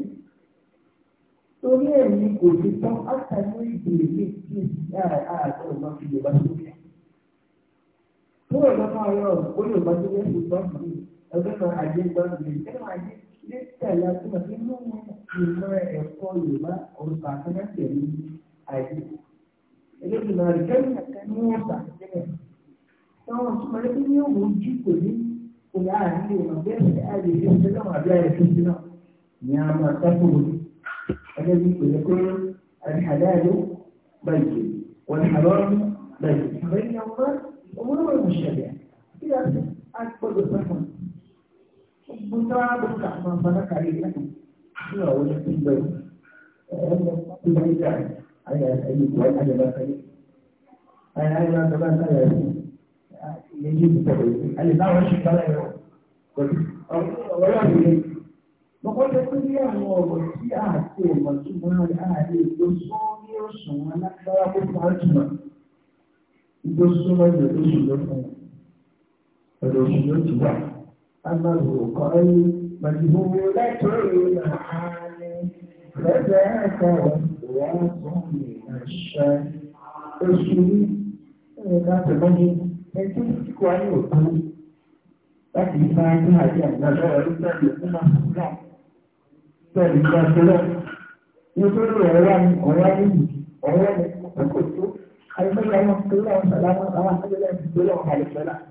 torí ẹ̀ ní kò sí tán átàlú ìbèrè ní kí àgbọ̀ ọ̀gá fi lè bá sókè. ẹgbẹ́ náà àjẹ́ ẹgbẹ́ náà àjẹ́ ní tẹ̀lé ọdún nínú ìmọ̀ ẹ̀kọ́ yorùbá orúkọ àtẹ́lẹ́tẹ̀ ní àìsí. eléyìí náà rí kẹ́yìn àtẹ́ ní wọ́n gbà sílẹ̀. táwọn tó máa ń ní òun jí kò ni àìlè ní ọjọ́ náà àbí àìlè tó ti náà ní a máa tẹ́kọ̀ wọn. ẹgbẹ́ bí kò yẹ kó àdìhàdáàdó báyìí wọ́n àlọ́run báyìí. àbẹ̀yìn àwọn ọmọ náà wọ́n Mudah buka masalah kali ini. Kalau dia أمره قريب مجهولة المعاني فذاك وسواس من الشيء الشيء láti lọ́yìn ẹtí kíkọ́ ayé òkú láti fa ayé àti àgbàdo ọ̀rọ̀ ìgbàlè fún àkùnrin bẹ́ẹ̀ ní ìgbàsílẹ̀ nítorí ọ̀rọ̀ ni ọ̀rọ̀ ni ọ̀rọ̀ ni kò tó ayé mẹ́ta wọn tó lọ́wọ́ sàlámà àwọn akẹ́lẹ́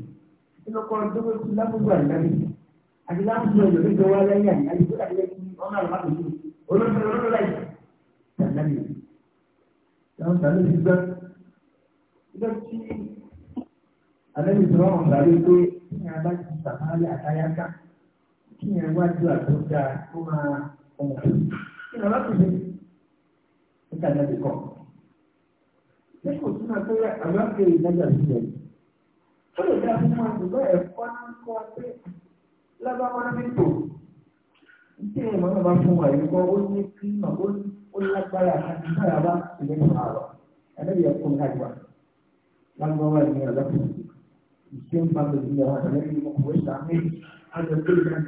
lọ́kọ́ dọ́gbọ́n ti lábùgbà ìlànà àti lábùgbà ìlànà ìjọ wa lẹ́yìn àyè àti kódà ilé kí ọmọ àlọ́ máa tòṣù olóṣèlú olóṣèlú láì sàlẹ́mì. Àwọn sàlẹ́ ti gbẹ́. Ilé tí àlẹ́mì sọ wọn gbàgbé pé kí ni a bá ti sàmárì àtayáká kí ni a wá ju àtúndà tó máa ọ̀hún. Kí ni a bá tó ṣe? Ó kà ní ẹ̀dẹ̀kọ̀. Ṣé kò túnmọ̀ pé àwọn akéwì náà ó lè dá fún wọn ṣùgbọ́n ẹ̀kọ́ náà ń kọ́ pé lábáwá nítò tí ìmọ̀ náà bá fún wa yìí kọ́ ó ní kí mọ̀ ó lágbára àti bára bá ìlú ní àrọ̀ ẹ̀lẹ́yìn ẹ̀kọ́ ní àjọ lágbára ìlú ní àlọ́ ìṣe ń bá lòdì ní àwọn àtàlẹ́yìn ìmọ̀ kò wẹ́sà mí àjọ tó lè dáná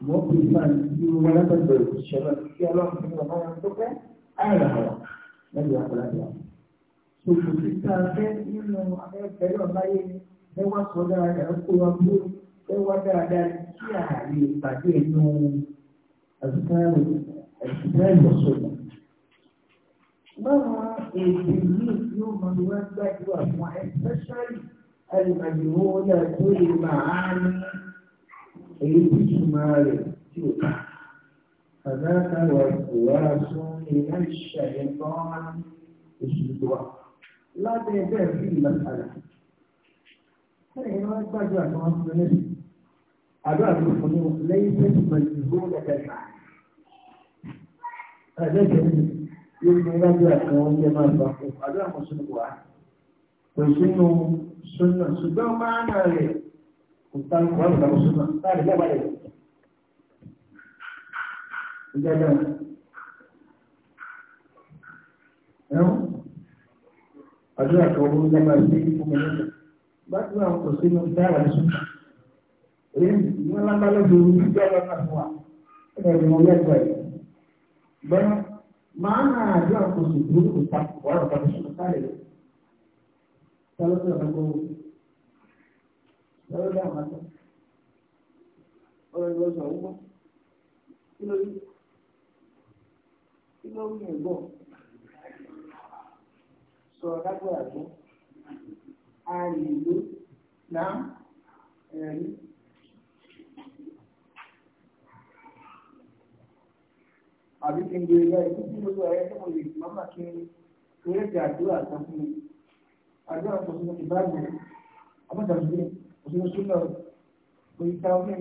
ìmọ̀ kò ìfà ìlú wọn látọ̀dọ̀ ìṣẹ̀lẹ̀ tí ọlọ́run ti ń lọ báyọ̀ tó pẹ́ àìrà àrọ̀ lẹ́yìn àkọlá ẹ wá sọ dáadáa kó wa gbó ẹ wá dáadáa kí ààrẹ ìpàdé inú àzùkárò àzùkárò ìwọ̀sọ̀nà. Báwọn èdè yìí yóò máa wá gbàdúrà fún ẹ̀sẹ̀ṣẹ́rì alùpàdéwò yàtọ̀ lè máa ní èyí tí ìtumọ̀ rẹ̀ tí ó kà. فذاك والقياس من الشيطان اسلوبا لا تبع في المسألة ẹ̀yin wá gbàdúrà ni wọ́n fún mi àdúrà tó fún mi lẹ́yìn tẹ́sí pẹ̀lú ìgbó lẹ́tẹ̀ẹ̀ta ẹ̀lẹ́tẹ̀ẹ́ mi yóò ní gbàdúrà kan wọ́n jẹ́ máa gbà fún àdúrà kan sínú wa kò sínú súnà ṣùgbọ́n máa nà rẹ̀ kò tá kò wá lọ́wọ́ súnà táàrí lẹ́wà rẹ̀ ìjọba gbàtú àwọn kò sínú dára sí èyí wọn lágbálẹ̀ lórí gbígbé ọlọ́pàá fún wa ẹ̀rọ ìmọ̀ lẹ́gbẹ̀ẹ́ bẹ́ẹ̀ máa ń rà àjọ àkóso ìdúró kò ta wà lọ́pàá tó sùn sáré lọ sálọ́sọ̀ ọ̀dọ́gbọ́ lọ́wọ́ dá àwọn àtọ́ ọ̀rọ̀ ìwọ sọ̀ wọ́n kí ló kí ló rí ẹ̀gbọ́n sọ̀rọ̀ dágbé àgbọ̀n àìlú náà ẹ̀rí. àbí kí n gbé e lọ ikú tí gbogbo ẹ̀yẹ tó mo lè má má kí n torí ti àdúrà sọ fún mi àdúrà sọ fún mi ti báàgì àbọ̀dàbí òṣèlú sílẹ̀ òyì ta omi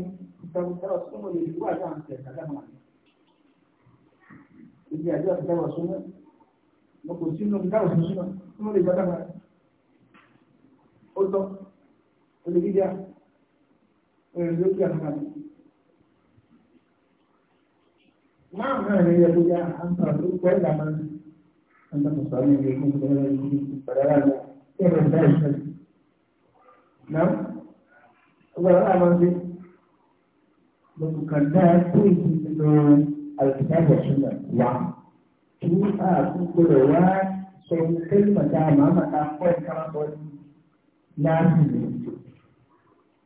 ìtàkùn tẹ́lọ̀ tó mo lè dúró àdúrà ń tẹ̀ kàdá mà ní. ìdí àdúrà ti dáwọ̀ súnmọ́ mo kò sínú mi dáwọ̀ súnmọ́ tó mo lè gbàdá mà ní ó tọ́ olè dídá ẹ̀rọ ló gbà kan. máa hàn ní ẹ̀rọ yá àǹtà ló pẹ́ làmà àǹtà tó sọ ní ìlú fún ìlú ìlú ìpàdára lọ ẹ̀rọ ìdá ìṣẹ̀lẹ̀. náà ọgbàrá àmọ́ sí lọ́kùnkàn dáa tó ìdí lọ àlùkìtàbọ̀ sílẹ̀ wá. Kí a kúkúrò wá sọ kí màtá màmá ta kọ́ ìkàrà bọ́ọ̀lù. لازم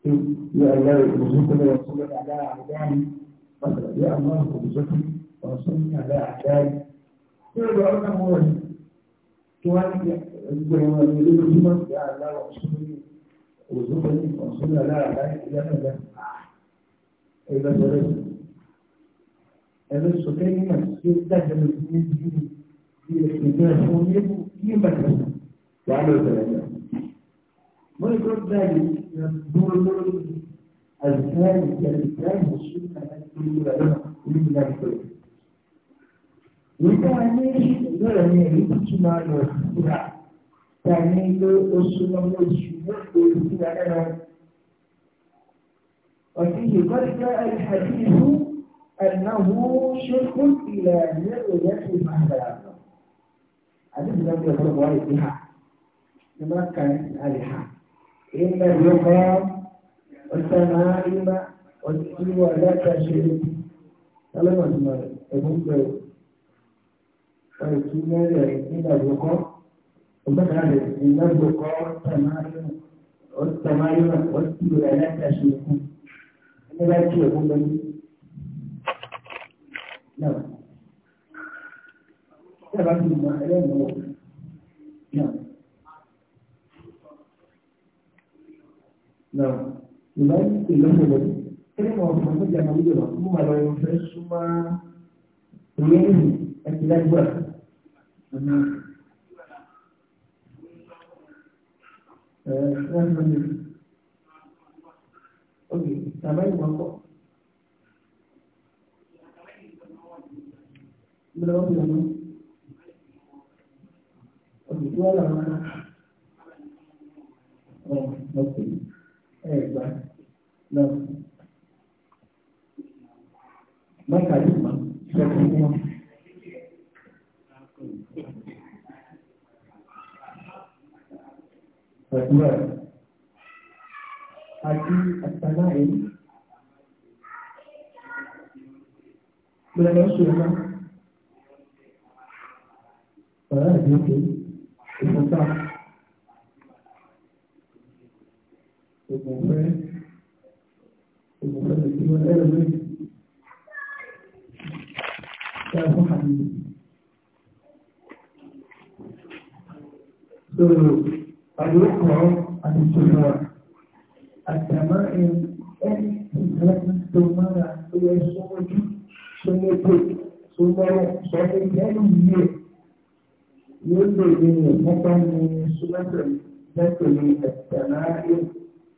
يا الله وزوجك ورسولك على أعدائي مثلا يا الله وزوجك ورسولك على أعدائي يقول أنا مولى توالي يقول يا الله ورسولك وزوجك ورسولك على أعدائي إلى ماذا؟ إلى ثلاثة هذا السكين ما يستهدف من الدين في الاحتجاج ونيته في مدرسة وعلى ثلاثة مونوكروت فاليو مونوكروت الثاني كالثاني والشيء Ìtàní ìlúra ní èyí tó túnmọ̀ lọ síra, tàní ló oṣù lọ́wọ́ oṣù mẹ́kọ̀ọ́ ìsúra lẹ́nu. وفيه قد جاء الحديث أنه شرك إلى مرية المهدرة. هذا بلاد يقول الله بها. لما كان عليها. إن اللقاء والسمائم والسوى لك شيء سلام الله أبوك فالسنة إن اللقاء ومثلا إن اللقاء والسمائم والسمائم والسوى لك شيء إن لا شيء أبوك نعم. Tẹ́lá ti mọ ẹlẹ́nu náà. Now, ini tí ìlọ́pọ̀ lọ, kíni mo fún mi jẹ́ àwọn ìjọba fún màá lọ́wọ́ fẹ́ súnmọ́ ìyẹ́nì àti lágbà. Ok, tàbá ìwọ̀n kọ́. Ìgbàlọ́wọ́ bí wọn. Ok, tí wọ́n làwọn náà. Oh, okay ẹ̀gbá lọ. Mọ́tà yìí mọ́ ṣẹ́kù fún Àdúrà àti àtàlá yìí. Bẹ́ẹ̀ ṣe náà. Bàbá àdéhùn ìfọ̀tà. ògùn fẹ́ ògùn fẹ́ lè fi wọn ẹ̀rọ lóyún ṣe àfọ́ àmì. Sọ̀rọ̀ àlòkọ̀ àti ìṣòro àtàmọ́ ẹni ìfẹ́lẹ́sìn tó mára tó yẹ sọ́wọ́jú sọ́mọ́tò sọ́mọ́rọ̀ sọ́mọ́ ìyẹ́lú yìí yóò lè ní ìfọ́npá ní sọ́mọ́tò lẹ́tọ̀ọ́ ní àtàmọ́ ẹni.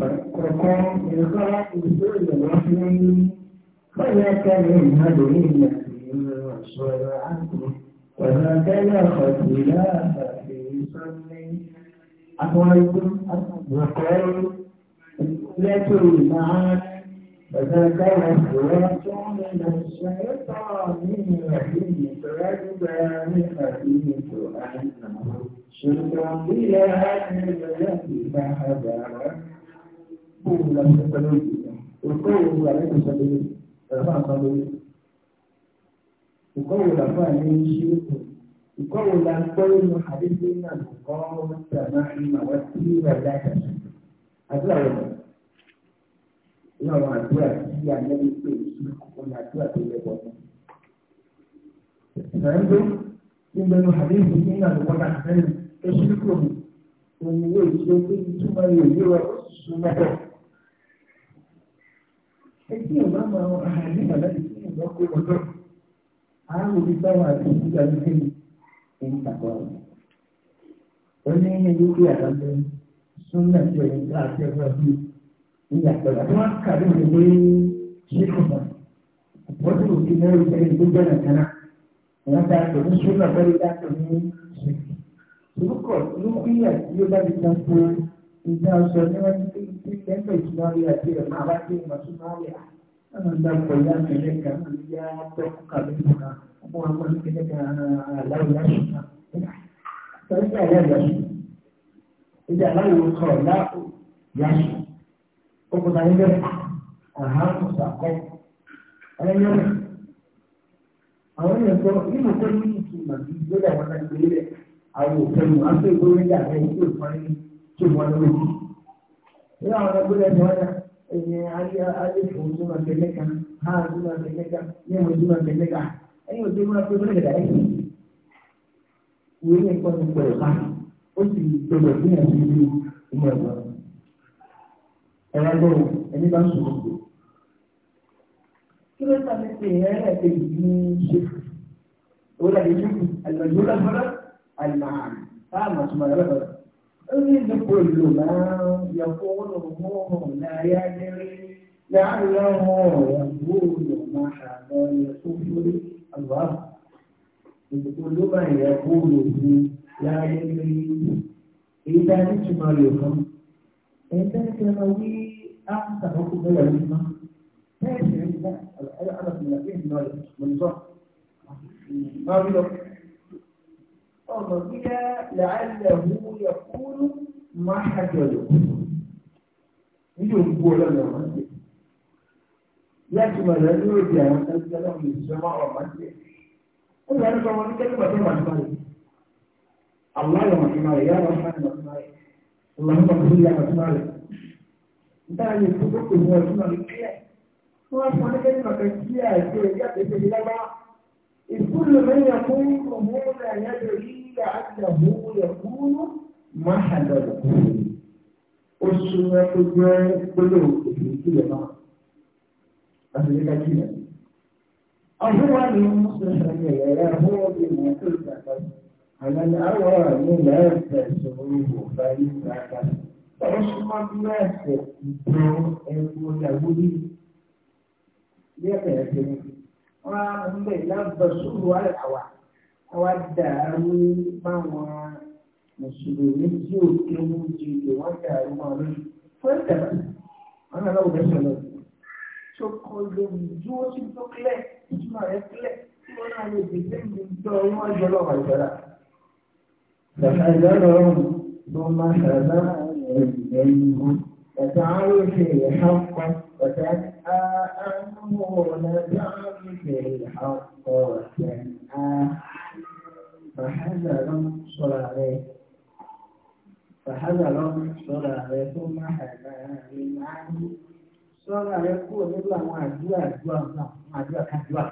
فالقرآن من كل رحم خلق من هدي وصل عنه وهكذا خلاف في صلي أخوانكم وقالوا الأولى المعاني فذكر الصراط من الشيطان الرحيم فيجبان خفيف أنه شرك بلا أن يهدي فحذر bóun la ti sọ lórí òkú òun la ti sọ lórí ẹ̀fọ́ àgbà lórí òkú òun la fún àyè ń ṣe òkú òkú òun la ń gbọ́ nínú àdéhùn náà lọ́kọ́ tàbí ìmọ̀ wá sí ìwà ìdájà àdúrà rẹ̀ ìyá àwọn àdúrà tí àyẹ̀wò pé òun la àdúrà tó yẹ bọ̀ ní. ìsàlẹ̀ ń bẹ nínú àdéhùn náà lọ́kọ́ tàbí ìmọ̀ wá sí ìwà ìdájà òun ni yóò ṣe pé ìtumọ̀ yóò yóò ṣùgbọ́n Etí ọ̀gá máa ń ra ní àdáyé tí ìgbà kó ọjọ́. Àwọn olùsáwà àti ìgbà ní kéde ń tàkọ́ ọ̀rọ̀. Ó ní ẹni pé àdájọ́ súnmọ̀ tí ọ̀yẹ́ ńlá àti ẹ̀fọ́ bí ìyàtọ̀ àti wọn kàrí òun pé ṣé kò mọ̀. Wọ́n ti rò ní ẹrù sẹ́yìn tó jẹ́ nàkánná. Wọ́n ta àtọ̀ ní súnmọ̀ pẹ́lú dáàtọ̀ ní ṣèkì. Olùkọ́ ló kí internacional intendendo onye dire ma vatti ma Somalia andam quella che ne cambia troppo cammina o a quel che a la lascia perché tí wọ́n lò yìí. Ní àwọn ẹgbẹ́ ẹ̀dọ́ ọ̀dà, ẹ̀yìn ayé ayé fún ojúmọ̀ tẹ́lẹ̀ kan, ha ojúmọ̀ tẹ́lẹ̀ kan, ní ẹ̀mọ ojúmọ̀ tẹ́lẹ̀ kan, ẹ̀yìn ojúmọ̀ tẹ́lẹ̀ kan ẹ̀yìn. Ìwé ní nǹkan ti pẹ̀lú pa, ó sì gbọdọ̀ fún ẹ̀sìn ìlú ìmọ̀ ẹ̀gbọ́n. Ẹ̀rọ agbọ́rọ̀ ẹni bá ń sọ̀rọ̀ gbò. Kí ló sàmì pé ẹ̀rẹ́ ẹ̀kejì ní ṣe? Òwúrọ̀ àdéjúkù, àlùmọ̀jú lọ́sọ̀rọ̀, àlùmọ̀ àmì, táà màtúmọ̀ lọ́sọ̀rọ̀. إذ كل من يقولهم لا يدري لعله يكون محض الكفر الله إذ كل من يقوله لا يدري إذا نجمع لكم إذا كانوا أحسن حكم بلا نجمع تاسع العرب من الأبيه من النظام ما في أمضينا لعله يكون ما حجده يجب قول الله عنه يجب أن يجب أن يجب أن يجب أن يجب أن يجب أن يجب أن يجب أن يجب أن الله يا محمد يا رحمن الرحيم اللهم صل على محمد انت اللي تقول هو شنو اللي هو فانا كده ما كنتش يا يا بيت الله يقول من يقول هو لا يدري لعله يكون محل الكفر والسنة تجاه كل الكفر كلمة أهل كثيرة أهو المصلح يا هو بما تلتقى على الأوان لا تسعوه فلتقى فرسم الناس بدون المتولي ليتأتي ومن بين لبسوه على الأوان wá dàrú báwọn mùsùlùmí tí ò kéwú ju ìlú wọn dàrú wọn lórí fún ẹ̀dá wọn náà lọ́wọ́ bẹ́sẹ̀ lọ. tó kọ lórí ju ó ti tó kílẹ̀ ìtumọ̀ rẹ̀ kílẹ̀ tí wọ́n náà lè dèjé ní ìjọ wọn jọ lọ́wọ́ ìjọra. Bàbá ìjọ lọ́rùn ló máa ṣàlá ẹ̀yìn wọn. وتعرف الحق وتسعى أنه لتعرف الحق وتنأى fàhádàrán sọ̀rọ̀ rẹ̀ fàhádàrán sọ̀rọ̀ rẹ̀ tó má hàdà rẹ̀ máa ń sọ̀rọ̀ rẹ̀ kúrò nínú àwọn àdúrà àdúrà náà àdúrà kàdúrà.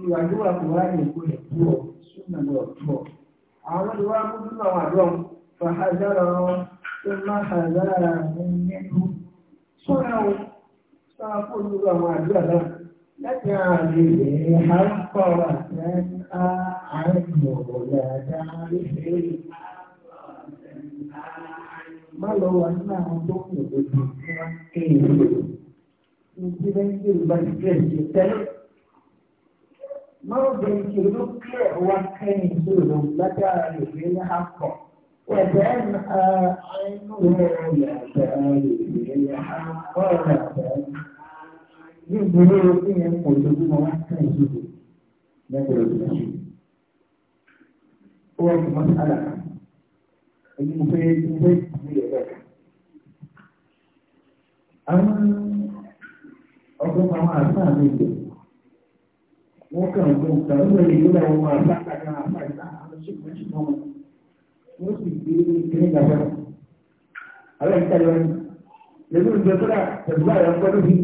ìwà àdúrà kò wá lè kó lè kú ọ súnmọ́ lọ tó ọ. àwọn ìwà àbúrò nínú àwọn àdúrà fàhádàrán tó má hàdà rẹ̀ nínú sọ̀rọ̀ sọ̀rọ̀ kúrò nínú àwọn àdúrà náà. نجعل الحق وسنأ عنه لا تعرف má lọ wà nínú àwọn tó kù òdodo tí wọ́n kéè lò ní ti bẹ́ẹ̀ kí olùbá ti kẹ́ ṣe tẹ́lẹ̀. má lọ bẹ̀rẹ̀ kí olú kílẹ̀ wá kẹ́yìn tó lò látara rẹ̀ lé ní akọ̀. Wẹ̀dẹ̀ ẹ̀nà àìnú rẹ̀ yàtọ̀ rẹ̀ lé ní akọ̀ rẹ̀ bẹ́ẹ̀ ní ìgbèrè tí yẹn kò lójúmọ́ wá ká ìṣòro lẹ́gbẹ̀ẹ́ òṣìṣẹ́ ṣe. ó wọ́n fi mọ́ sálà èyí mo fẹ́ mo fẹ́ ìdílé rẹ̀. àwọn ọgbọ́n àwọn àṣà mi lò wọ́n kàn ń gbọ́n kan lórí ìlú àwọn ọmọ àṣà kàkà àṣà ìta àwọn ṣèkùn ṣùgbọ́n wọn wọ́n sì gbé ìpínlẹ̀ ìgbàgbọ́. àwọn ìtàlẹ́ lẹ́nu ìjọba tẹ̀síwájú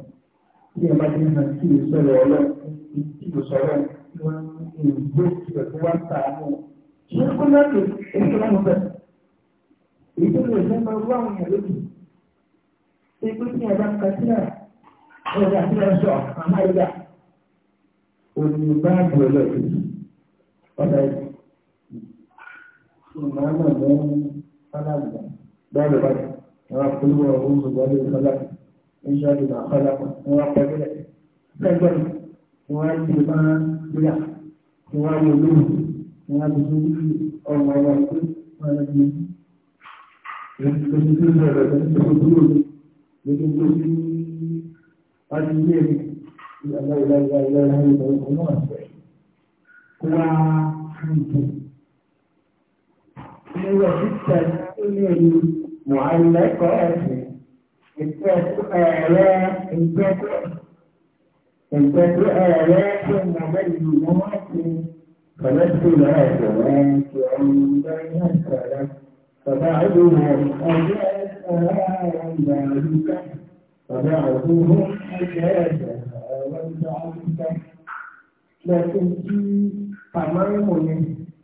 bí ọba tí wọn kí o sọ̀rọ̀ ọlọ kí o sọ̀rọ̀ wọn kí o gbé ìgbà tó wá sàánù ṣé kó náà lè èyí tó wọn bẹ èyí tó lè fẹ́ máa wá àwọn èèyàn lójú ṣé pé kí ọba ń kàtí náà ọjà tí wọn sọ àmà ìyá òní bá bọ̀ lọ́dún ọ̀dà ìlú ìmọ̀ràn mọ̀ ní fọlá ìgbà bẹ́ẹ̀ lọ́dún ẹ̀rọ ọ̀hún ṣùgbọ́n lè fọlá ìṣọ́lù bá kọ́lápọ̀ ní wọ́n kọ́ lórí ẹgbẹ́ ni wọ́n ti bá bíyà ni wọ́n lò lórí ni wọ́n ti tún fi ọmọ ọmọ tó wọ́n lọ sí èyí tó ti tún bẹ̀rẹ̀ lọ sí ọmọ dúró ní lórí tó ti wọ́n ti yé mi ìyàwó ìlànà ìlànà ìlànà ìlànà ìlànà kó wá fún ìtàn. Ní ọ̀sítẹ̀ ó ní ẹ̀yìn mọ̀álẹ́kọ̀ọ́ ẹ̀sìn ìtẹ́jú ẹ̀rẹ́ tó ń gbàgbé ìlú wọn wá sí pẹ̀lẹ́tì lẹ́ẹ̀dọ̀ rẹ̀ kí ọ̀run bá yá sọ̀rọ̀ bàbá àdúgbò ọjọ́ ẹ̀sọ̀rọ̀ àwọn ìgbà àdúgbò bàbá àdúgbò ẹ̀jẹ̀ ẹ̀jẹ̀ àwọn ìgbà àdúgbò lẹ́sìn tí pàmọ́rìmù ni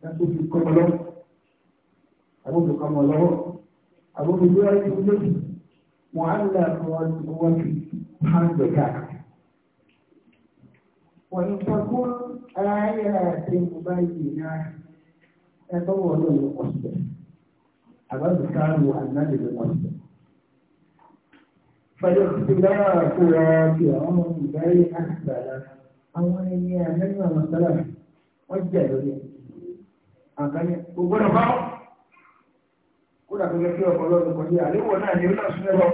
lẹ́sìn fi kọ́ ọmọ lọ́wọ́ àbúrò kọ́ ọmọ lọ́wọ́ àbúrò bí wọ́n ti ń lójú. معلق هو في حد كعب وإن تكون آيات مبينة تدور للقصد أبدا كانوا النبي بالقصد فالاختلاف واقع بين السلف أولياء من وجدوا والجبل أقل وبرفع kódà tó fẹ́ kí ọ̀pọ̀lọpọ̀ kọjú àléwọ̀ náà ni ó náà sún ẹ̀rọ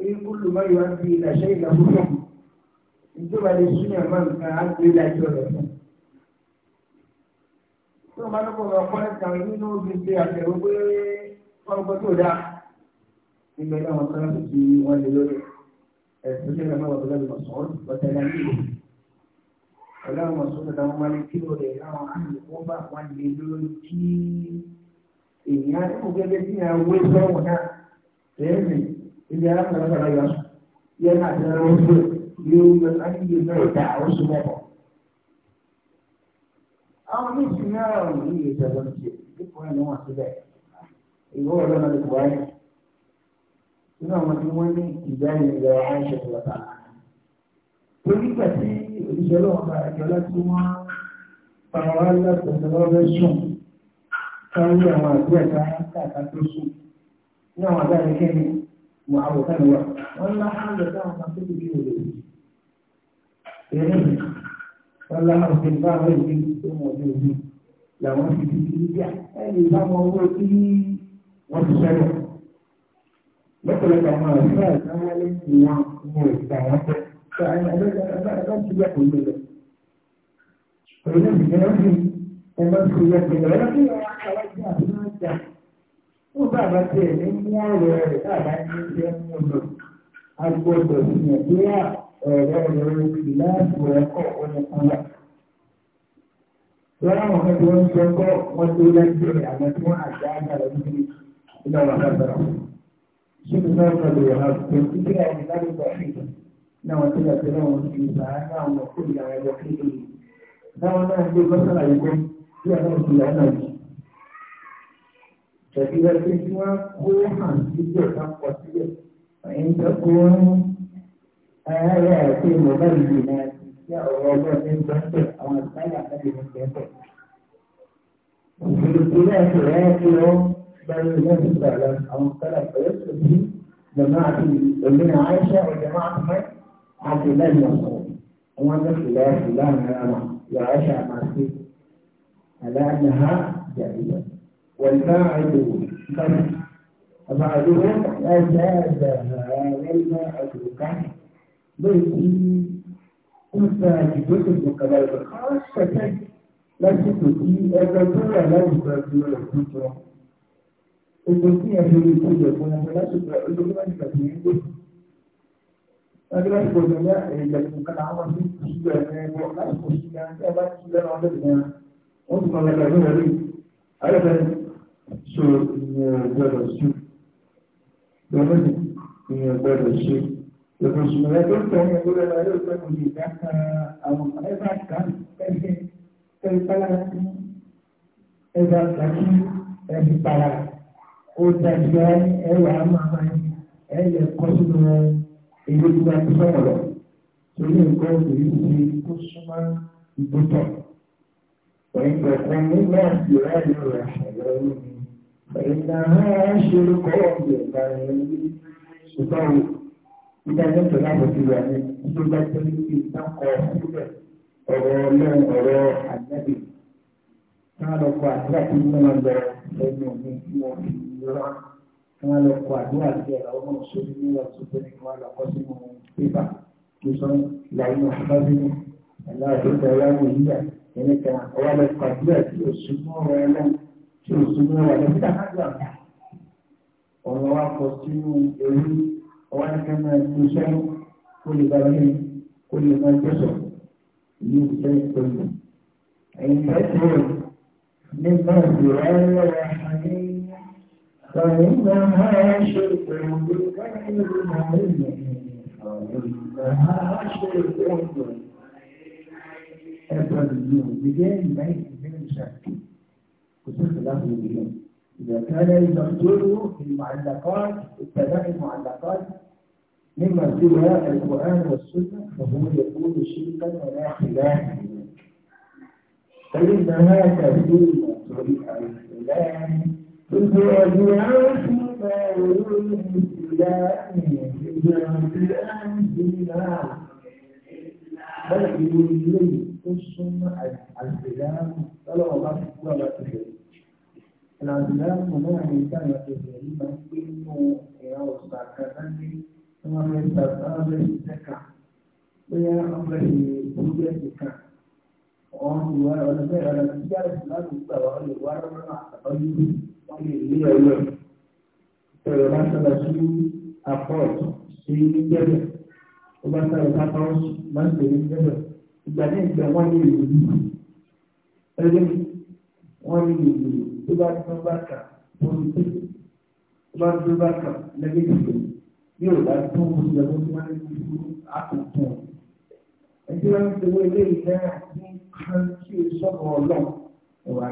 èyí kúlù má yọ àti ìlàṣẹ ìlàkú fún ìjọba lè sún yàn máa nǹkan á gbé ìlàjọ rẹ̀ fún. tó o máa ń kọ́ ọ̀rọ̀ kọ́lẹ́ kan nínú obì ṣe àtẹ̀wé pé ọ̀pọ̀ tó dáa nígbà náà wọn kọ́lá tó ti wọn lè lórí ẹ̀sìn tó máa ń kí lóore láwọn àmì ìyá tí kò gẹ́gẹ́ bí ìyá owó ìfẹ́wọ̀n náà lẹ́yìn ibi alákàlọ́kàlọ́ yọ sùn náà ti rẹ̀ wọ́n yóò yọ láti yẹ náà dá àwọn sùn mẹ́kọ̀. àwọn méjì náà ò ní ìyè ìṣẹ̀lẹ̀ ti ẹ̀ ní wọ́n síbẹ̀ ìwọ ọ̀dọ́ náà ti wáyé nínú àwọn tí wọ́n ní ìgbà ìlẹ̀ àìṣe ìlọ́ta torí pẹ̀ òṣìṣẹ́ lọ́wọ́ káwọn àwọn àgbẹ̀ ẹ̀ka káàkiri tó sùn ní àwọn àgbẹ̀ ẹ̀ka ní wà àwòká wà wọn lá àlọ́ táwọn kan tó kìí wò lòdì wọn lá àlọ́ tó bá àwọn èdè tó mọ̀ ní òbí làwọn fi ti bíà ẹ̀ bá wọn wọ́n kí wọ́n ti sẹ́yìn lọ́pọ̀lọpọ̀ àwọn àṣà ìdáwọ́ lẹ́yìn wọn ní ìgbà wọn tẹ́ ṣe àwọn ẹgbẹ́ ẹgbẹ́ ẹgbẹ́ ti bẹ́ẹ̀ kò lè lọ ẹ má ti yẹ pẹ̀lẹ́ ẹ fi ọ̀rọ̀ àkàlàjà àti náà jà ó bàbá tiẹ̀ ní mú ọ̀rọ̀ rẹ̀ bàbá ní ilé mú lọ agbọ́dọ̀ nàìjíríà ọ̀rọ̀ rẹ̀ kì láàbù ẹ̀kọ́ oníkanlá. lọ́wọ́ àwọn ọmọdé wọn sọ pé wọ́n tó lẹ́gbẹ̀ẹ́ àwọn tí wọ́n àjà àgbàlá níbi ilé ọ̀rọ̀ àgbàlá. ṣíbi náà kọlu ọ̀rọ̀ àgbẹ̀ títí wọ́n ti gbàgbé náà wọ́n náà wọ́n kó bí àwọn ìlà náà yìí. Ìjọba ẹgbẹ́ tí wọ́n kó hàn síbẹ̀ ká pọ̀ síbẹ̀. Ẹ̀yin tó kó ń ayáyá àti ìmọ̀lá ìlú náà sí ọ̀rọ̀ ọgbọ́n ní gbẹ́sẹ̀ àwọn àtàlà náà lè ní gbẹ́sẹ̀. Òṣèlú tó náà ṣe rẹ́ kí wọ́n gbẹ́rù lẹ́nu ìgbàlá àwọn kọ́lá pẹ̀lú sòbí جماعة الأمين عائشة وجماعة من عبد الله بن مسعود. وما نفس الله سبحانه وتعالى يا عائشة مع سيدي على أنها جائزة والماعد كم معدوم أجازها والماعد كم بيتي أنثى جدود المقابلة خاصة lásìkò tí ẹgbẹ́ tó wà láwùjọ ju rẹ̀ tó jọ. Ogun tí ẹ fi rí kó yẹ fún ọmọ lásìkò olórí láti gbàgbé ń gbé. Lọ́dún lásìkò ìjọba ẹ̀yẹ̀ ìjọba kan àwọn ọmọ tó ti ṣúgbọ́n ẹ̀rọ lásìkò ìjọba tí a bá ti lẹ́nu ọdún ìgbà. wọ́n ti kọ́ lẹ́ka ìlú rẹ̀ rí ayẹ́fẹ́ so ìyẹn gbọ́dọ̀ sí lọ́dọ̀dì ìyẹn gbọ́dọ̀ sí lọ́dọ̀ sí lọ́dọ̀ tó ń tẹ̀ ní ẹgbẹ́ rẹ̀ yóò fẹ́ kùn ìdá kan àwọn ẹ̀fà kan ẹ̀fẹ́ ẹ̀fẹ́ ẹ̀fà kan ẹ̀fẹ́ para ó dàgbà ẹ̀wà máa ẹ̀yẹ kọ́ sínú èyí tó bá ti sọ̀rọ̀ lọ torí nǹkan òbí ti kó súnmọ́ ìgbótọ̀. وإن تكن لله سؤال يحذرني فإنها شرك بالله ṣùgbọ́n ìdá ẹ̀jẹ̀ tó láàbò ti wà ní tó bá tó ní kí ìtàkọ̀ síbẹ̀ ọ̀rọ̀ ọlọ́run ọ̀rọ̀ àgbẹ̀bẹ̀ káwọn lọ kọ àdúrà tí wọ́n máa lọ ẹnu mi tí wọ́n fi yọrọ káwọn lọ kọ àdúrà tí ẹ̀rọ ọmọ sórí ní ìwà tó tóbi káwọn lọ kọ sínú pépà tó sọ láyé náà fábíyì aláàbò tẹ̀wá wò yíyà ẹnìkan ọwọ́ lọ pàdúrà tí o sùn mọ́ ọ̀rọ̀ ẹlẹ́ tí o sùn mọ́ ọ̀rọ̀ ẹlẹ́ nígbà má gbà wá. ọ̀rọ̀ wa kọ sínú ewu ọwọ́ nìkan máa ń lu sọ́ọ́ kó lè bára ní kó lè máa gbẹ́sọ̀ ìlú ìfẹ́ ìpẹ́lú. ẹ̀yìn tẹ́tù rẹ̀ nígbà ìgbéra ẹlẹ́wà àní حفظ النور بجانب بعيد من المشاكل وصلت له اليوم إذا كان يدخله في المعلقات اتباع المعلقات مما سوى القرآن والسنة فهو يكون شركا ولا خلاف فإن هذا فيما صريح الكلام كنت أجمع فيما يريد الإسلام في جنة الأمثلة bẹ́ẹ̀ ìlú ilé yìí ó súnmọ́ àṣìláàmù lọ́lọ́wọ́ bá ti kú àwọn àtẹ̀fẹ́. àṣìláàmù náà ní ìjà àwọn àtẹ̀fẹ́ yìí máa ń gbé nínú ìran ọ̀sà kàdáńdé tí wọ́n fẹ́ ta sáwọn bóyá wọ́n fẹ́ ṣe ìgbógbé ẹ̀sìn kan. wọ́n ti wá ọ̀nà gbà wá lè wá rárá àtàkọ́jú wọ́n ó bá sáré pápá ó máa ń tẹ̀lé níbẹ̀ ìgbà ní ìgbà wọ́n ní ìlú ẹgbẹ́ wọ́n ní ìlú tó bá tó bá kà pọ́sítì tó bá tó bá kà lẹ́gẹ́dìgbò bí ò bá tó ń bọ̀ lọ́wọ́ tó máa ń fi fún àkókò ẹjọ́ ń tẹ̀wé ilé ìfẹ́ ní kan kí o sọ̀rọ̀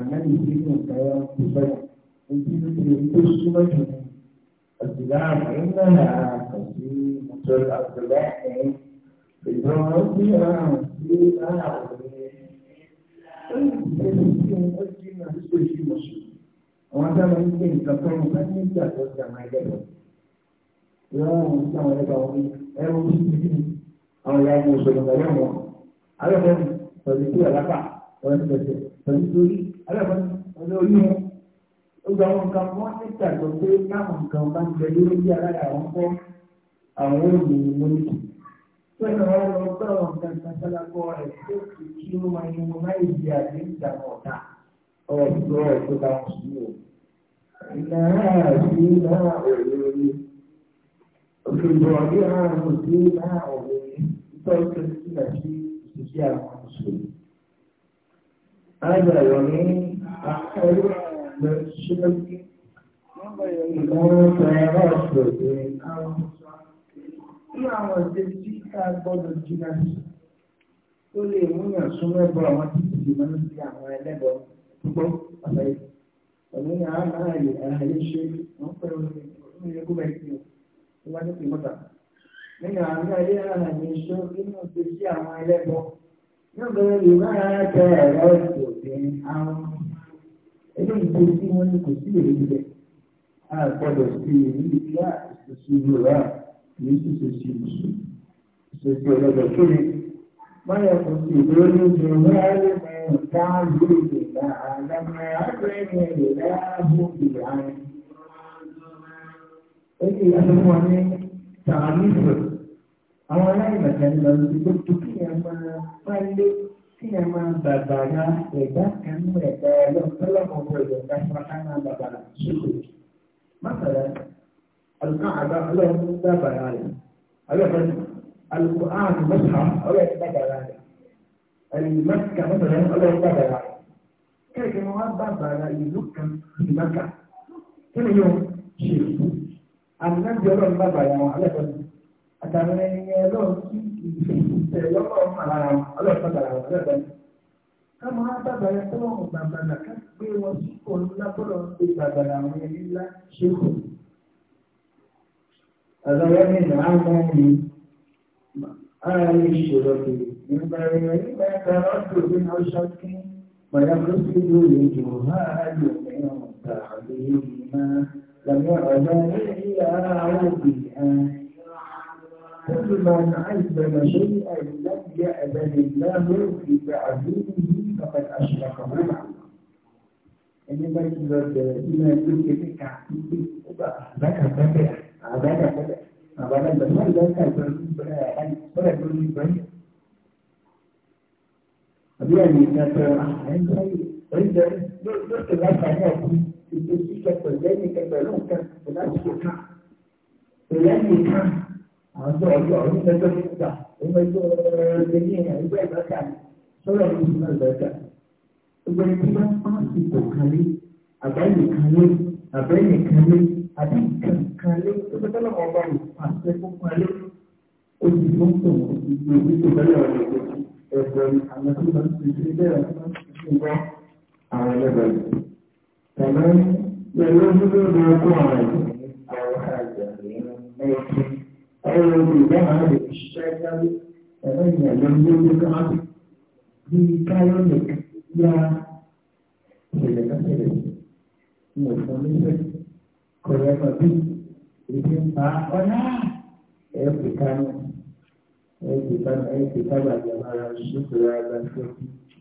náà ìdí ní ìgbà yẹn kó sọ̀rọ̀ èyí ló ti tó súnmọ́ jù السلام إنها تسليم السلام بدون فيها فيها Àwọn sábà ń gbé nǹkan tó ń bá nígbà tó ti àwọn ẹlẹ́dọ̀. Ìrọ̀rùn sí àwọn ẹlẹ́dọ̀ wọn ní ẹrù sí ibi àwọn ìyá ọmọ òṣèlú pẹ̀lú àwọn. Alẹ́kọ̀ọ́ pẹ̀lú tí ọ̀lápà, ọ̀rẹ́ ti bẹ̀rẹ̀ pẹ̀lú torí, alẹ́kọ̀ọ́ pẹ̀lú orí wọn gbogbo àwọn nǹkan wọn nígbà tó pé táwọn nǹkan bá ń bẹ lórí bí alára àwọn kọ́ àwọn òòlù ìmúlẹ̀. Pẹ̀lú àwọn ọmọ ọgbà àwọn nǹkan kan sálákọ́ rẹ̀ tó kì í kí ó máa yẹn wọn láì di àdé ìdààmú ọ̀tá ọ̀dọ́ ọ̀tọ́ táwọn sí o. Ìlànà àti náà òòlù òṣèlú ọ̀dẹ́ àrùn òdé náà òòlù ìtọ́jú sílẹ̀ sí ìṣiṣẹ́ àwọn للشرك eléyìí tó tí wọ́n ní kò sí èrè níbẹ̀ a gbọ́dọ̀ sí èyí ìfẹ́ àtúnṣe yorùbá kìí ṣèṣe sí ìṣù ìṣèṣe ọlọ́dọ̀ tó ní báyọ̀ kò sí ìdúró ní ìṣòro náà lè mẹ́rin ká lórí ìgbà àdámẹ́ àgbẹ̀rẹ̀ ìrẹ̀lẹ́ ààbò ìlànà. ó sì yàtọ̀ fún wa ní tààmì ìfẹ́ àwọn aláìmọ̀tẹ́ ń lọ sí tó kí tí ẹ máa bàbàrà ẹ̀dá kan ní ẹ̀dá ọlọ́mọbọ ìjọba ìfọ̀ká máa bàbàrà ṣùkú. Mọ́sàlá, alùpùpù àgbà ọlọ́run bàbàrà rẹ̀. Ọlọ́run alùpùpù àrùn mọ́sàlá ọlọ́run bàbàrà rẹ̀. Ẹ̀yìn mọ́sàlá mọ́sàlá ọlọ́run bàbàrà rẹ̀. Kẹ́kẹ́ wọn wá bàbàrà ìlú kan ní Mẹ́kà. Kí ni yóò ṣe? Àmì náà bí ọlọ́run bàbàrà wọn alẹ́ àtàwọn ẹni ọlọ́run tí ìfẹ́ lọ́kọ̀ọ́ mà lára wọn ọlọ́ọ̀tọ́ lára wọn ọlọ́ọ̀tọ́ ni. káwọn agbábàrà tọ́lọ́run gbàgbàrà ká gbé wọn sípò ńlá bọ́lọ̀ ń gbé gbàgbàrà àwọn ẹni ńlá ṣéwò. àlọ́wọ́ ní ìlà àwọn ọmọ ara lè ṣòro kiri nígbà rẹ̀ nígbà ẹ̀ka ọdún ní ọṣọ kí mọ̀lá kó sí lórí jù láàárín òmìnira ọ̀tà àbí ìmọ̀ làmì ọ̀dọ́ nílẹ̀ yíyá àwọn òbí فكما عزم شيئا لم يأذن الله في تعليمه فقد أشرك منعه أنا بقول إن كل شيء كعبد بقى بقى بقى بقى أبداً، àjọ ọjọ́ onígbẹ́jọ́ nígbà onígbẹ́jọ́ ẹgbẹ́ ẹgbẹ́ ìgbàkà sọ́rọ̀ ẹni tí wọ́n gbàgbà. gbogbo ẹni tí wọ́n pa ipò kalẹ̀ àbẹ́yẹ kalẹ̀ àbẹ́yẹ kalẹ̀ àbí nǹkan kalẹ̀ ọgbẹ́tọ́lọ́ ọba ìpàṣẹ fún kalẹ̀ ó ti fún tòun ìgbè ìgbè bẹ́ẹ̀ ọ̀rẹ́ ẹ̀bọ̀ àwọn tí wọ́n ti fi bẹ́ẹ̀ ọ̀rẹ́ àwọn ẹlẹ́bẹ̀ tẹ̀lé yẹ lójú lórí ọkọ̀ àwọn ìgbè àwọn àjẹ́ ẹ̀yìn mẹ́ẹ̀kì ọ̀rọ̀ ìgbà máa lè fi ṣiṣẹ́ ẹgbẹ́ ẹ̀rọ ìyàgbẹ́ ní ojú kan á bí káyọ̀ lè yá ìṣẹ̀lẹ̀ kásẹ̀lẹ̀ ní òfin oníṣẹ́ kọ̀ọ̀yà máa bí èdè ń pa ọ̀nà ẹ̀ pè kánú ẹ̀ pè kánú ẹ̀ pè kánú àgbà mára ṣùkúrú àgbà tó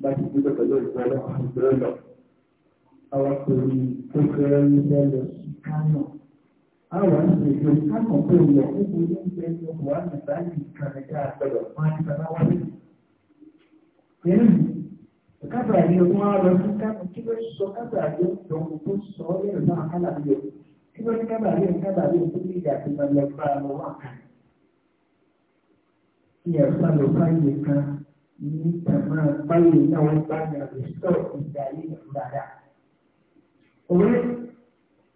bá ti dúró pẹ̀lú ìgbà náà àgbà lọ. ní kókó ẹ̀ àwọn ìgbèjò kákọ̀ọ́kọ́ ìyọ̀ gbogbo ní ìgbẹ́ ní ọkọ̀ wá nígbà yìí kàrẹ́kà àgbẹ̀lọ̀ máa ní bàbá wá lẹ́yìn. Ẹ̀rù ni ọdún wa lọ sí káàkó kí ló sọ kábàá yóò dán gbogbo sọ ọ́ lẹ́rù náà kálà ní Kí ló ní kábàá yóò kábàá yóò tó ní ìyá àti ìgbàlẹ̀ bá lọ wà ká. Ìyá ìgbà lọ bá kan ní tàmá báyìí náà wọ́n bá